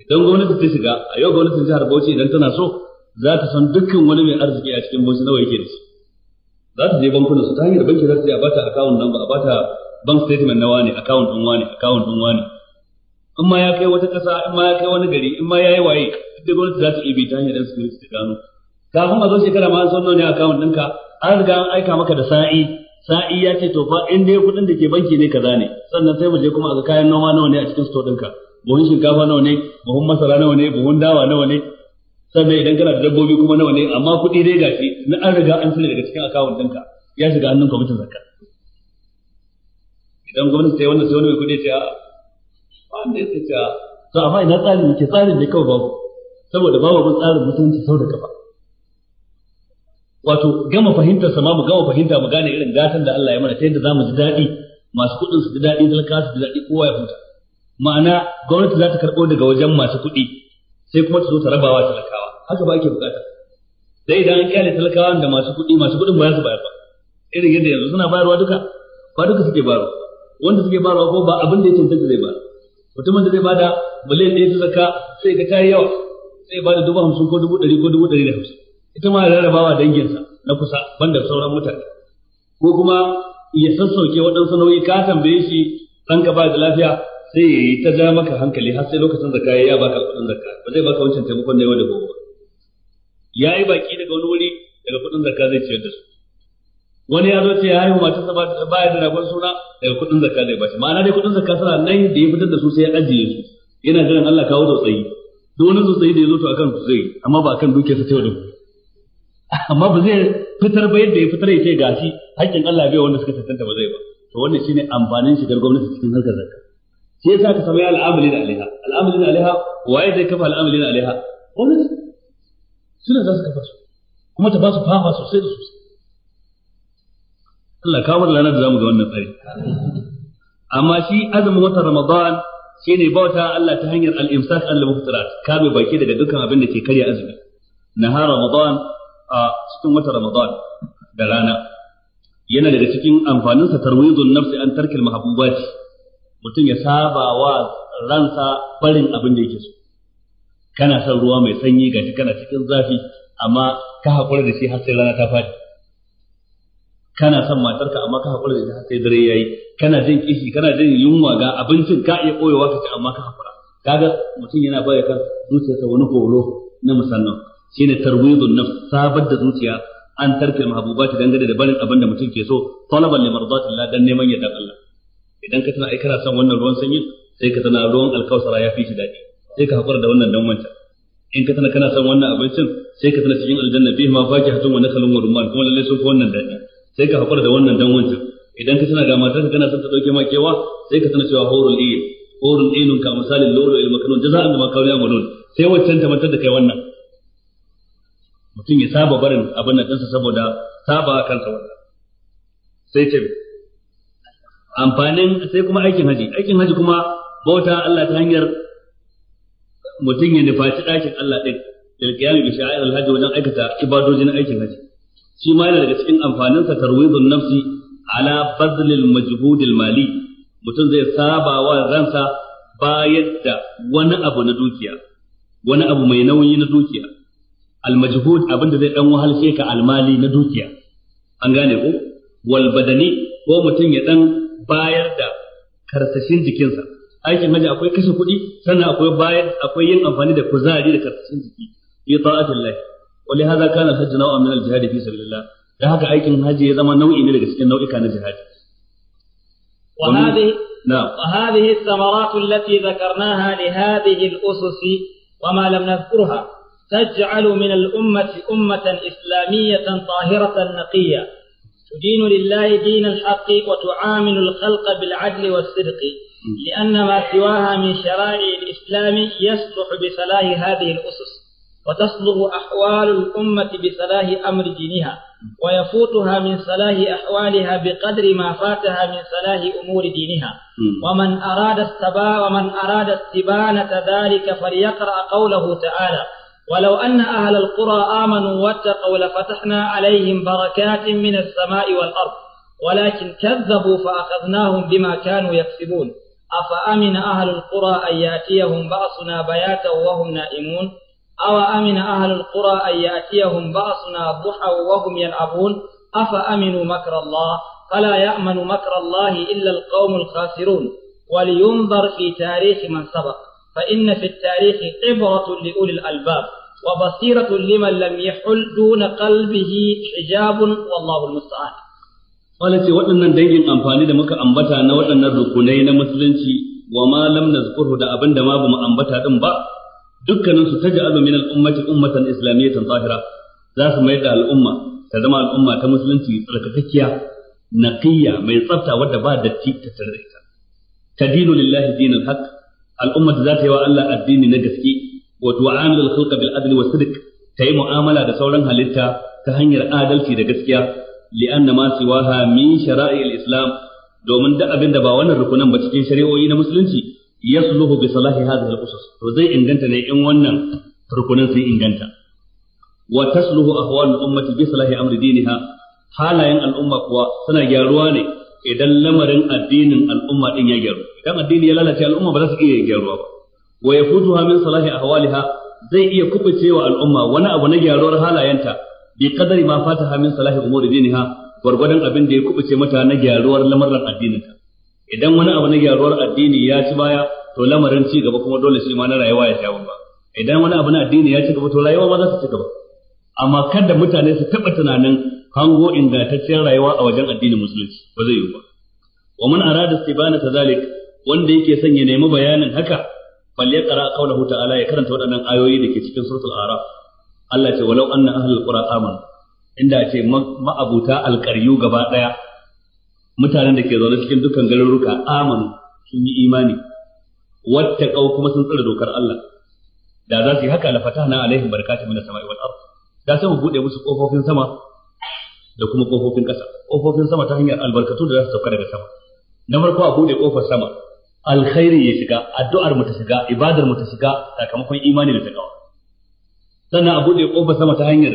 idan gwamnati ta shiga a yau gwamnatin jihar Bauchi idan tana so za ta san dukkan wani mai arziki a cikin Bauchi nawa yake da shi za ta je bankuna su ta hanyar banki za ta je a bata account number a bata bank statement na wani account din wani account din ne. in ma ya kai wata kasa in ma ya kai wani gari in ma ya yi waye duk da gwamnati za ta iya bi ta hanyar su ta gano kafin a zo shekara ma an san nawa ne account ɗinka an riga an aika maka da sa'i sa'i ya ce to fa in dai kuɗin da ke banki ne kaza ne sannan sai mu je kuma a ga kayan noma nawa ne a cikin store ɗinka buhun shinkafa nawa ne buhun masara nawa ne buhun dawa nawa ne sannan idan kana da dabbobi kuma nawa ne amma kuɗi dai gashi na an riga an cire daga cikin akawun ɗinka ya shiga hannun kwamitin zakka idan gwamnati ta yi wannan sai wani mai kuɗi ce a wanda ya ce a to amma ina tsarin yake tsarin ne kawai babu saboda babu mun tsarin mutunci sau da kafa wato gama fahimtar sama mu gama fahimta mu gane irin gatan da Allah ya mana ta yadda zamu ji daɗi masu kuɗin su ji daɗi talaka su ji daɗi kowa ya huta ma'ana gwamnati za ta karɓo daga wajen masu kuɗi sai kuma ta zo ta rabawa talakawa haka ba ake bukata Zai idan an kyale talakawan da masu kuɗi masu kuɗin ba su bayar ba irin yadda yanzu suna bayarwa duka ba duka suke bayarwa wanda suke bayarwa ko ba abin da ya cancanta zai bayar mutumin da zai bada miliyan ɗaya ta zakka sai ga tayi yawa sai ba da dubu hamsin ko dubu ɗari ko dubu ɗari da hamsin ita ma rarrabawa danginsa na kusa banda sauran mutane ko kuma ya sassauke waɗansu nauyi ka tambaye shi ɗanka ba da lafiya sai ya yi ta ja maka hankali har sai lokacin zakka ya baka kuɗin zakka ba zai baka wancan taimakon na yau da gobe ya yi baki daga wani wuri daga kudin zakka zai ciyar da su wani ya zo ce ya haihu matar sa ba ya da ragon suna daga kudin zakka zai bashi ma'ana dai kudin zakka suna nan da ya fitar da su sai ya ajiye su yana jiran Allah kawo tsayi duk wani tsayi da ya zo to akan zai amma ba akan dukiyarsa ta yau da amma ba zai fitar ba yadda ya fitar ya ce gashi haƙƙin Allah bai wanda suka tantance ba zai ba to wannan shine amfanin shigar gwamnati cikin harkar zakka Sai yasa ka samu ya al'amali da alaiha al'amali da alaiha waye zai kafa al'amali da alaiha gwamnati suna za su kafa su kuma ta ba su fama sosai da sosai Allah kawo da ranar da zamu ga wannan tsari amma shi azumin watan Ramadan shine bauta Allah ta hanyar al-imsak al-muftarat kame baki daga dukkan abin da ke karya azumi nahar Ramadan a cikin watan Ramadan da rana yana daga cikin amfanin sa tarwizun nafsi an tarkil mahabbati mutum ya saba wa ransa barin abin da yake so kana son ruwa mai sanyi ga shi kana cikin zafi amma ka haƙura da shi har sai rana ta faɗi kana son matarka amma ka haƙura da shi har sai dare yayi kana jin kishi kana jin yunwa ga abincin ka iya koyewa ka ci amma ka haƙura kaga mutum yana baya kan zuciyarsa wani horo na musamman shine tarwizun nafs sabar da zuciya an tarke mahabubati dangane da barin abin da mutum ke so talaban li mardatillah dan neman yadda Allah idan ka tana ai kana son wannan ruwan sanyi sai ka tana ruwan alkausara ya fi shi daɗi sai ka haƙura da wannan dan wancan in ka tana kana son wannan abincin sai ka tana cikin aljanna bi ma hatun wa nakalun wa rumman kuma lalle sun fi wannan daɗi sai ka haƙura da wannan dan wancan idan ka tana ga matarka kana son ta dauke ma kewa sai ka tana cewa hurul iyin hurul iyinun ka misalin lolo il makanun jaza'an bima kawli amalun sai waccan ta mantar da kai wannan mutum ya saba barin abin nan kansa saboda saba kansa wannan sai ce amfanin sai kuma aikin haji aikin haji kuma bauta Allah ta hanyar mutum ya nufaci ɗakin Allah ɗin ilkiyami bi sha'ir alhaji wajen aikata ibadojin aikin haji shi ma yana daga cikin amfanin amfaninsa tarwidun nafsi ala bazlil majhudil mali mutum zai saba wa ransa bayar da wani abu na dukiya wani abu mai nauyi na dukiya Al-Majuhud, almajhud abinda zai dan wahalce ka al-mali na dukiya an gane ko wal badani ko mutum ya dan bayar da karsashin jikinsa aikin haji akwai kashe kuɗi sannan akwai bayar akwai yin amfani da kuzari da karfin jiki fi lahi wa li hadha kana hajj naw'an min al-jihad fi sabilillah da haka aikin haji ya zama nau'i ne daga cikin nau'ika na jihad wa hadhihi na'am wa hadhihi thamarat allati dhakarnaha li hadhihi al-usus wa ma lam nadhkurha taj'alu تجعل من الأمة أمة إسلامية طاهرة نقية تدين لله دين الحق وتعامل الخلق بالعدل والصدق لأن ما سواها من شرائع الإسلام يصلح بصلاح هذه الأسس وتصلح أحوال الأمة بصلاح أمر دينها ويفوتها من صلاح أحوالها بقدر ما فاتها من صلاح أمور دينها ومن أراد استبا ومن أراد استبانة ذلك فليقرأ قوله تعالى ولو أن أهل القرى آمنوا واتقوا لفتحنا عليهم بركات من السماء والأرض ولكن كذبوا فأخذناهم بما كانوا يكسبون أفأمن أهل القرى أن يأتيهم بأسنا بياتا وهم نائمون أو أمن أهل القرى أن يأتيهم بأسنا ضحى وهم يلعبون أفأمنوا مكر الله فلا يأمن مكر الله إلا القوم الخاسرون ولينظر في تاريخ من سبق فإن في التاريخ عبرة لأولي الألباب وبصيرة لمن لم يحل دون قلبه حجاب والله المستعان Kwale ce waɗannan dangin amfani da muka ambata na waɗannan rukunai na musulunci wa ma lam da abin da ma bamu ambata din ba dukkanin su taj'alu min al-ummati ummatan islamiyatan zahira za su mai da al'umma ta zama al'umma ta musulunci tsarkakakkiya naqiyya mai tsafta wadda ba datti ta tare tadinu lillahi dinul haqq al'umma za ta yi wa Allah addini na gaske wa tu'amilul khalqa bil adli wa sidq ta yi mu'amala da sauran halitta ta hanyar adalci da gaskiya li'anna ma siwaha min shara'il islam domin duk abin ba wannan rukunan ba cikin shari'o'i na musulunci yasluhu bi salahi hadhihi al-usus to zai inganta ne in wannan rukunan sun inganta wa tasluhu ahwal al-ummati salahi halayen al'umma kuwa suna gyaruwa ne idan lamarin addinin al'umma din ya gyaru idan addini ya lalace al'umma ba za su iya gyaruwa ba wa yafutuha min salahi ahwaliha zai iya kubucewa al'umma wani abu na gyaruwar halayenta bi kadari ma fataha min salahi umuri diniha gwargwadon abin da ya kubuce mata na gyaruwar lamarin addininta idan wani abu na gyaruwar addini ya ci baya to lamarin ci gaba kuma dole shi ma na rayuwa ya tawo ba idan wani abu na addini ya ci gaba to rayuwa ma za ta ci gaba amma kada mutane su taɓa tunanin hango ingantacciyar rayuwa a wajen addinin musulunci ba zai yi ba wa man arada istibana tazalik wanda yake son ya nemi bayanin haka falle qara qawluhu ta'ala ya karanta waɗannan ayoyi da ke cikin suratul araf Allah ce walau anna ahlul qura amanu inda ce ma'abuta alƙaryu gaba ɗaya mutanen da ke zaune cikin dukkan garuruka amanu sun yi imani wata wattaqau kuma sun tsare dokar Allah da za su yi haka la fatahna alaihim barakatun minas sama'i wal ard da sai mu bude musu kofofin sama da kuma kofofin ƙasa kofofin sama ta hanyar albarkatu da za su sauka daga sama na farko a bude kofar sama alkhairi ya shiga addu'ar mu ta shiga ibadar mu ta shiga sakamakon imani da takawa sannan a buɗe ƙofar sama ta hanyar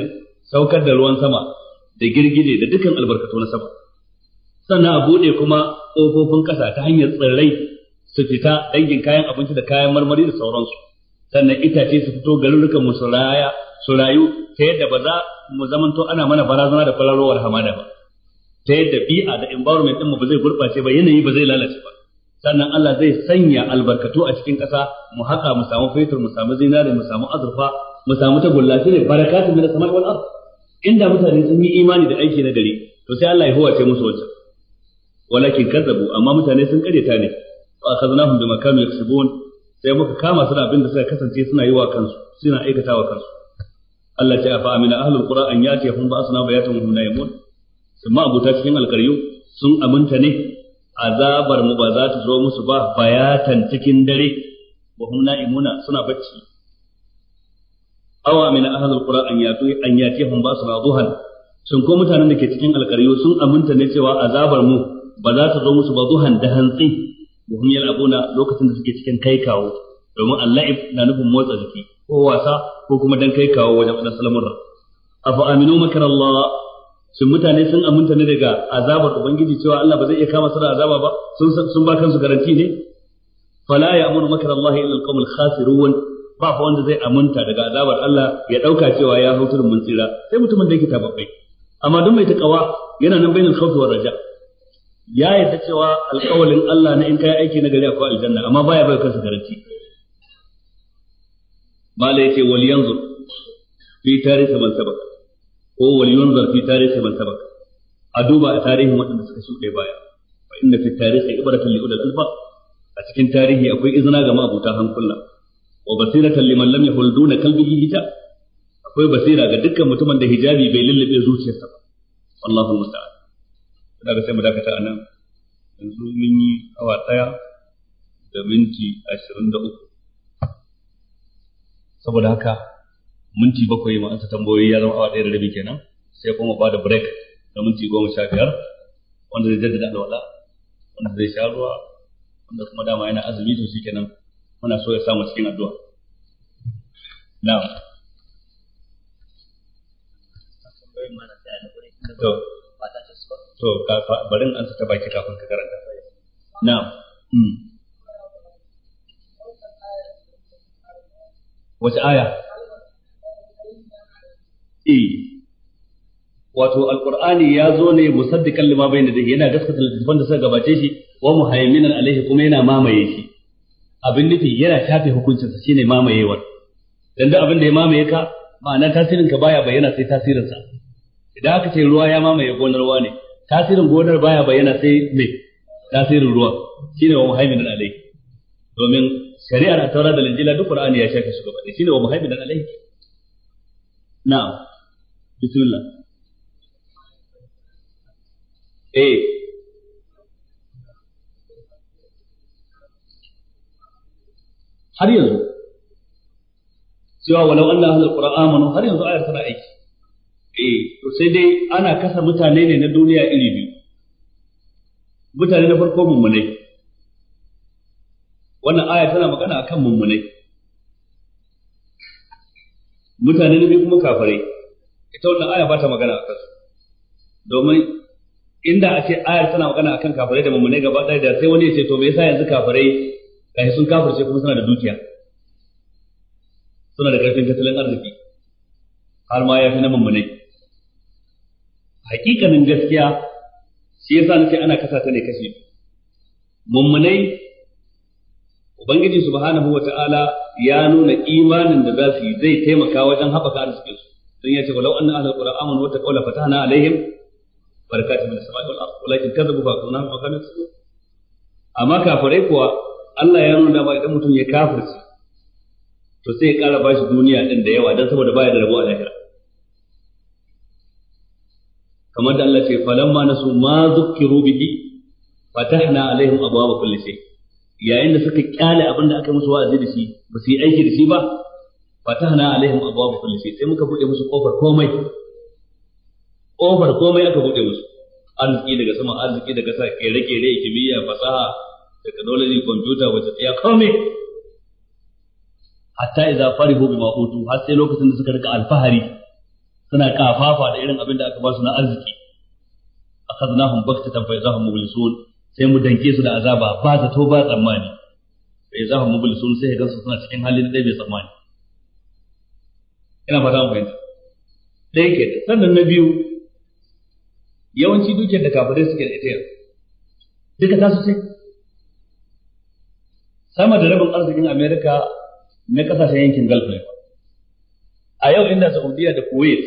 saukar da ruwan sama da girgije da dukkan albarkatu na sama sannan a buɗe kuma ƙofofin ƙasa ta hanyar tsirrai su fita dangin kayan abinci da kayan marmari da sauransu sannan itace su fito garurrukan mu su rayu ta yadda ba za mu zamanto ana mana barazana da kwararowar hamada ba ta yadda bi'a da environment ɗin mu ba zai gurɓace ba yanayi ba zai lalace ba sannan Allah zai sanya albarkatu a cikin ƙasa mu haƙa mu samu fetur mu samu zinari, mu samu azurfa mu samu ta gulla ne, barakatun min as-sama'i wal ard inda mutane sun yi imani da aiki na gari to sai Allah ya huwace musu wancan walakin kazzabu amma mutane sun kareta ne fa akhadnahum bima kanu yaksubun sai muka kama su da abin da suka kasance suna yi wa kansu suna aikatawa kansu Allah ta afa amina ahlul qura an yatihum ba'suna bayatan wa hum naimun ma abuta cikin alkaryu sun aminta ne azabar mu ba za ta zo musu ba bayatan cikin dare wa hum naimuna suna bacci awa min ahal alqura an yatu an yatihum basra duhan sun ko mutanen da ke cikin alƙaryo sun aminta ne cewa azabar mu ba za ta zo musu ba duhan da hantsi da hum yal'abuna lokacin da suke cikin kai kawo domin allaif na nufin motsa jiki ko wasa ko kuma dan kai kawo wajen wadansu lamurra afa aminu makar Allah sun mutane sun aminta ne daga azabar ubangiji cewa Allah ba zai iya kama su da azaba ba sun sun ba kansu garanti ne fala ya'muru makar Allah illa al-qawmul ba fa wanda zai aminta daga azabar Allah ya dauka cewa ya hau mun tsira sai mutumin da yake tababbai amma duk mai takawa yana nan bainal khawfi war raja ya yadda cewa alƙawalin Allah na in kai aiki na gari akwai aljanna amma baya bai kansa garanti mala yace wal yanzu fi tarihi man sabaka ko wal yanzu fi tarihi man sabaka a duba a tarihin waɗanda suka shuɗe baya fa inna fi tarihi ibratan li ulil albab a cikin tarihi akwai izina ga mabuta hankula wa basiratan liman lam yahul duna qalbihi hijab akwai basira ga dukkan mutumin da hijabi bai lullube zuciyarsa ba Allahu musta'an ga sai mu dakata anan yanzu mun yi awa daya da minti 23 saboda haka minti bakwai ma an ta tambayoyi ya zama awa daya da rabi kenan sai kuma ba da break da minti goma sha biyar wanda zai jaddada alwala wanda zai sha ruwa wanda kuma dama yana azumi to shikenan muna so ya samu cikin addu'a na'am to to barin an ta baki kafin ka karanta na'am hmm. wace aya eh wato alqur'ani ya zo ne musaddiqan lima bayna dahi yana gaskata littafin da suka gabace shi wa muhaiminan alaihi kuma yana mamaye shi abin nufi yana shafe hukuncinsa shine mamayewar dan da abin da ya mamaye ka ma'ana tasirin ka baya bayyana sai tasirinsa idan aka ce ruwa ya mamaye gonar wane tasirin gonar baya bayyana sai me tasirin ruwa shine wa muhaimin alai domin shari'ar at-taurat da injila duk qur'ani ya shafe shi gaba shine wa muhaimin alai na'am bismillah eh har yanzu cewa walau Allah halal qur'an mun har yanzu ayar tana aiki eh to sai dai ana kasa mutane ne na duniya iri biyu mutane na farko mummunai wannan aya tana magana akan mummunai mutane na biyu kuma kafirai ita wannan aya ba ta magana akan su domin inda a ce ayar tana magana akan kafirai da mummunai gaba ɗaya da sai wani ya ce to me yasa yanzu kafirai kai sun kafirce kuma suna da dukiya suna da karfin tattalin arziki har ma ya fi na mummunai hakikanin gaskiya shi yasa nake ana kasa ta ne kashi mummunai ubangiji subhanahu wata'ala ya nuna imanin da za su yi zai taimaka wajen haɓaka arziki su don ya ce walau anna ahlul qura amanu wa taqawla fatahna alaihim barakatun min as-sama'i wal ardi walakin kadzabu fa kunna fa kana amma kafirai kuwa Allah ya nuna ba idan mutum ya kafirce to sai ya ƙara bashi duniya din da yawa dan saboda baya da rabo a lahira kamar da Allah ce falamma nasu ma zukkiru bihi fatahna alaihim abwaaba kulli shay yayin da suka kyale abin da aka musu wa'azi da shi ba su yi aiki da shi ba fatahna alaihim abwaaba kulli shay sai muka bude musu kofar komai kofar komai aka bude musu arziki daga sama arziki daga sa kere-kere kimiyya fasaha technology computer wata tsaya kome hatta idza farihu bi utu har sai lokacin da suka rika alfahari suna kafafa da irin abin da aka ba su na arziki akhadnahum baghtatan fa idahum mublisun sai mu danke su da azaba ba zato ba tsammani fa idahum mublisun sai ga su suna cikin halin da bai tsammani ina fata mu fahimta ɗaya ke sannan na biyu yawanci dukiyar da kafirai suke da ita yanzu duka ta su sai sama da rabin arzikin Amerika na kasashen yankin Gulf ne a yau inda Saudiya da Kuwait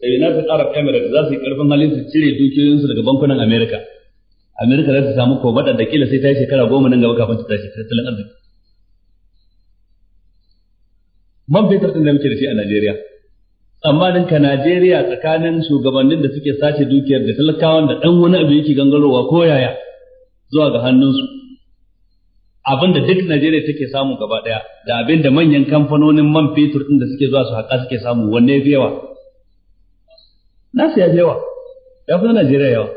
da United Arab Emirates za su yi karfin halin su cire dukiyoyinsu daga bankunan Amerika Amerika za su samu komada da kila sai ta yi shekara goma nan gaba kafin ta tashi tattalin arziki man fetur din da muke da shi a Najeriya tsammanin ka Najeriya tsakanin shugabannin da suke sace dukiyar da talakawan da dan wani abu yake gangarowa ko yaya zuwa ga hannunsu abin da duk Najeriya take samu gaba daya da abin da manyan kamfanonin man fetur din da suke zuwa su haƙa suke samu wanne ya fi yawa nasu ya fi yawa ya fi Najeriya yawa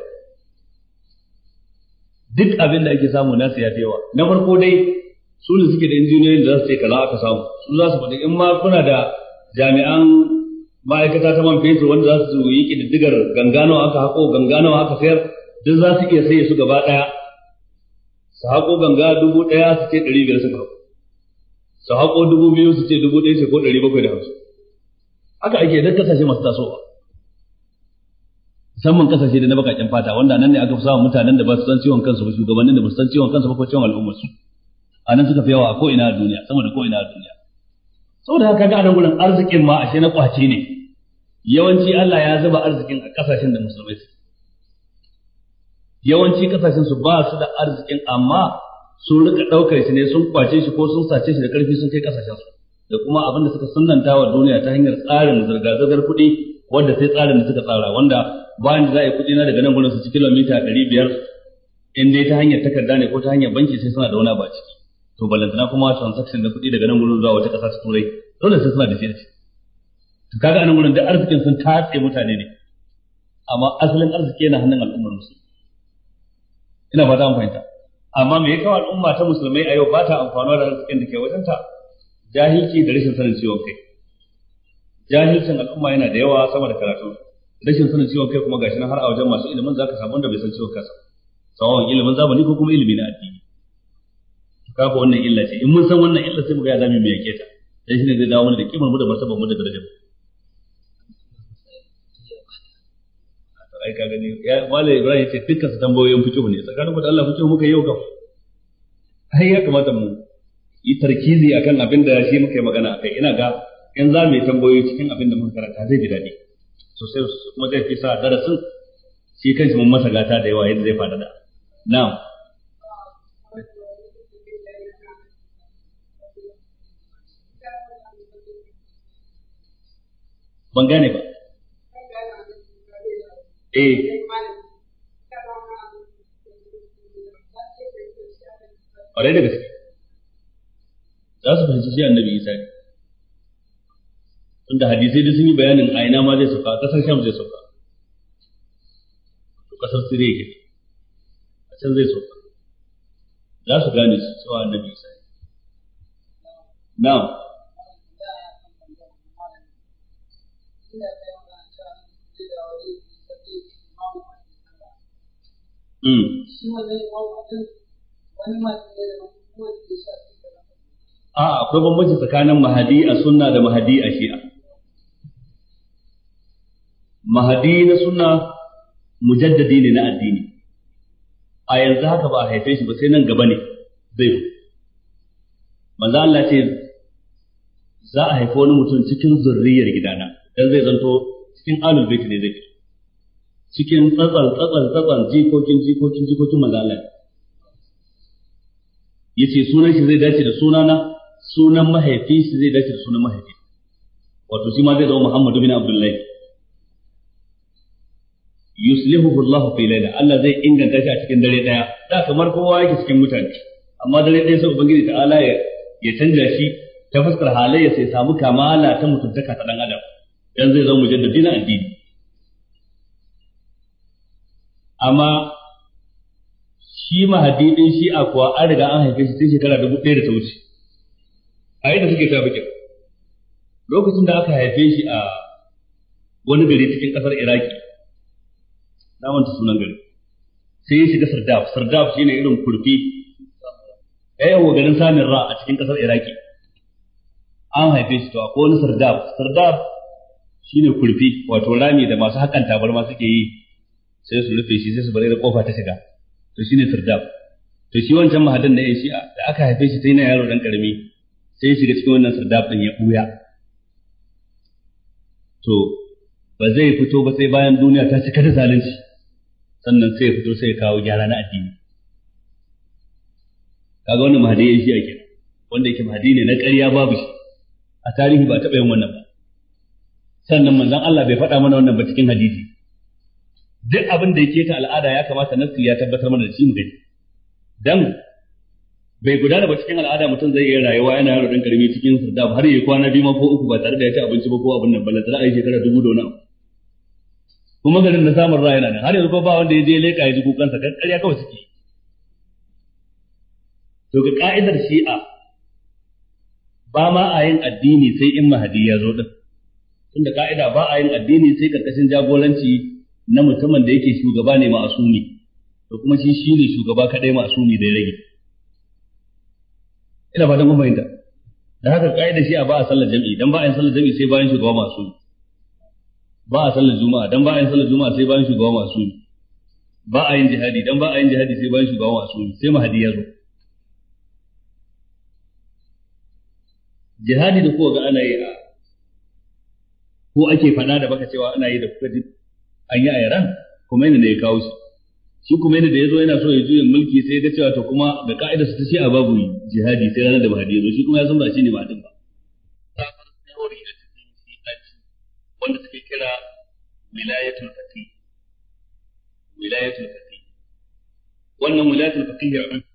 duk abin da ake samu nasu ya fi yawa na farko dai su ne suke da injiniyoyin da za su ce kaza aka samu su za su faɗi in ma kuna da jami'an ma'aikata ta man fetur wanda za su yi ƙididdigar gangano aka haƙo gangano aka sayar duk za su iya sai su gaba ɗaya su haƙo ganga dubu ɗaya su ce ɗari biyar suka haƙo su haƙo dubu biyu su ce dubu ɗaya ce ko ɗari bakwai da hamsin haka ake dan kasashe masu tasowa musamman kasashe da na bakakin fata wanda nan ne aka fi samun mutanen da ba su san ciwon kansu ba shugabannin da ba su san ciwon kansu ba ko ciwon al'ummar su a nan suka fi yawa a ko ina a duniya sama da ko ina a duniya saboda haka ga nan gurin arzikin ma ashe na kwace ne yawanci Allah ya zuba arzikin a kasashen da musulmai su yawanci kasashen su ba su da arzikin amma sun rika daukar shi ne sun kwace shi ko sun sace shi da karfi sun kai kasashen su da kuma abin da suka sunanta wa duniya ta hanyar tsarin zirga-zirgar kuɗi wanda sai tsarin da suka tsara wanda bayan da za a yi kuɗi na daga nan gurin su ci kilomita ɗari biyar in dai ta hanyar takarda ne ko ta hanyar banki sai suna da wani ba ciki to balantana kuma transaction da kuɗi daga nan gurin zuwa wata ƙasa turai dole sai suna da shi a ciki to kaga anan gurin da arzikin sun tatse mutane ne amma asalin arziki yana hannun al'ummar musulmi ina ba an fahimta amma me ya kawo al'umma ta musulmai a yau ba ta amfanuwa da arzikin da ke wajenta jahilci da rashin sanin ciwon kai jahilcin al'umma yana da yawa sama da karatu rashin sanin ciwon kai kuma gashi nan har a wajen masu ilimin zaka samu wanda bai san ciwon kansa sawon ilimin zamani ko kuma ilimi na addini to kafa wannan illa ce in mun san wannan illa sai mu ga ya zamu mu yake ta dan shine zai dawo mana da kimar mu da martabar mu da darajar mu ai ka gani ya malam ibrahim ce dukkan su tambayoyin fiqh ne tsakanin ku da Allah fiqh muka yau kam ai ya kamata mu yi tarkizi akan abin da shi muka yi magana akai ina ga in za mu yi tambayoyi cikin abin da muka karanta zai ji daɗi sosai kuma zai fi sa darasin shi kanshi mun masa gata da yawa yadda zai faɗaɗa na'am ban gane ba eh ƙwarai da gaske za su fahimci sai annabi isa ne tunda hadisai da sun yi bayanin a ina ma zai sauka ƙasar sham zai sauka to ƙasar siriya ke a can zai sauka za su gane su cewa annabi isa ne na'am Hmm. a ah, akwai bambanci tsakanin mahadi a sunna da mahadi a shi'a mahadi na sunna mujaddadi ne na addini a yanzu haka ba a haife shi ba sai nan gaba ne zai manzo Allah ce za a haifi wani mutum cikin zurriyar gidana don zai zanto cikin alul ne zai cikin tsatsal tsatsal tsatsal jikokin jikokin jikokin manzala ce sunan shi zai dace da sunana sunan mahaifi shi zai dace da sunan mahaifi wato shi ma zai zama Muhammadu bin Abdullahi yuslihu Allah fi laila Allah zai inganta shi a cikin dare daya da kamar kowa yake cikin mutane amma dare daya sai ubangiji ta'ala ya ya canja shi ta fuskar halayya sai samu kamala ta mutuntaka ta dan adam dan zai zama mujaddidin addini amma shi mahadi shi a kuwa an riga an haife shi tun shekara dubu ɗaya da ta wuce a yadda suke sa bakin lokacin da aka haife shi a wani gari cikin ƙasar iraki na sunan gari sai ya shiga sardaf sardaf shine irin kurfi eh, ya yi wa garin ra a cikin ƙasar iraki an haife shi to a wani sardaf sardaf shine kurfi wato rami da masu hakan tabarma suke yi sai su rufe shi sai su bari da kofa ta shiga to shine sirdab to shi wancan mahadin da ya shi'a da aka haife shi sai na yaro dan karami sai ya shiga cikin wannan sirdab din ya buya to ba zai fito ba sai bayan duniya ta cika da zalunci sannan sai ya fito sai ya kawo gyara na addini kaga wannan mahadi ya shi'a ke? wanda yake mahadi ne na ƙarya babu shi a tarihi ba taɓa yin wannan ba sannan manzon Allah bai faɗa mana wannan ba cikin hadisi duk abin da yake ta al'ada ya kamata nassi ya tabbatar mana da shi mu gani dan bai gudana ba cikin al'ada mutum zai iya rayuwa yana yaro dan karami cikin sardab har yayi kwana biyu ma ko uku ba tare da ya ci abinci ba ko abin nan balla tana yi shekara dubu da wani abu kuma garin na samun rayuwa nan har yanzu ba wanda ya je leka ya ji kukansa kan ƙarya kawai suke to ga ka'idar shi'a ba ma a yin addini sai in mahadi ya zo din tunda ka'ida ba a yin addini sai karkashin jagoranci na mutumin da yake shugaba ne ma'asumi da kuma shi shine shugaba kadai ma'asumi da ya rage ina fatan kun fahimta da haka kaida shi a ba a sallar jami'i dan ba a yin sallar jami'i sai bayan shugaba ma'asumi ba a sallar juma'a dan ba a yin sallar juma'a sai bayan shugaba ma'asumi ba a yin jihadi dan ba a yin jihadi sai bayan shugaba ma'asumi sai mahadi ya zo jihadi da kowa ga ana yi a ko ake fada da baka cewa ana yi da kuka an yi a Iran kuma yana da ya kawo su shi kuma yana da ya zo yana so ya juya mulki sai ya ga cewa to kuma da ka'ida su ta shi a babu jihadi sai ranar da Mahdi ya shi kuma ya san ba shi ne ba din ba wanda suke kira wilayatul faqih wilayatul faqih wannan wilayatul ya a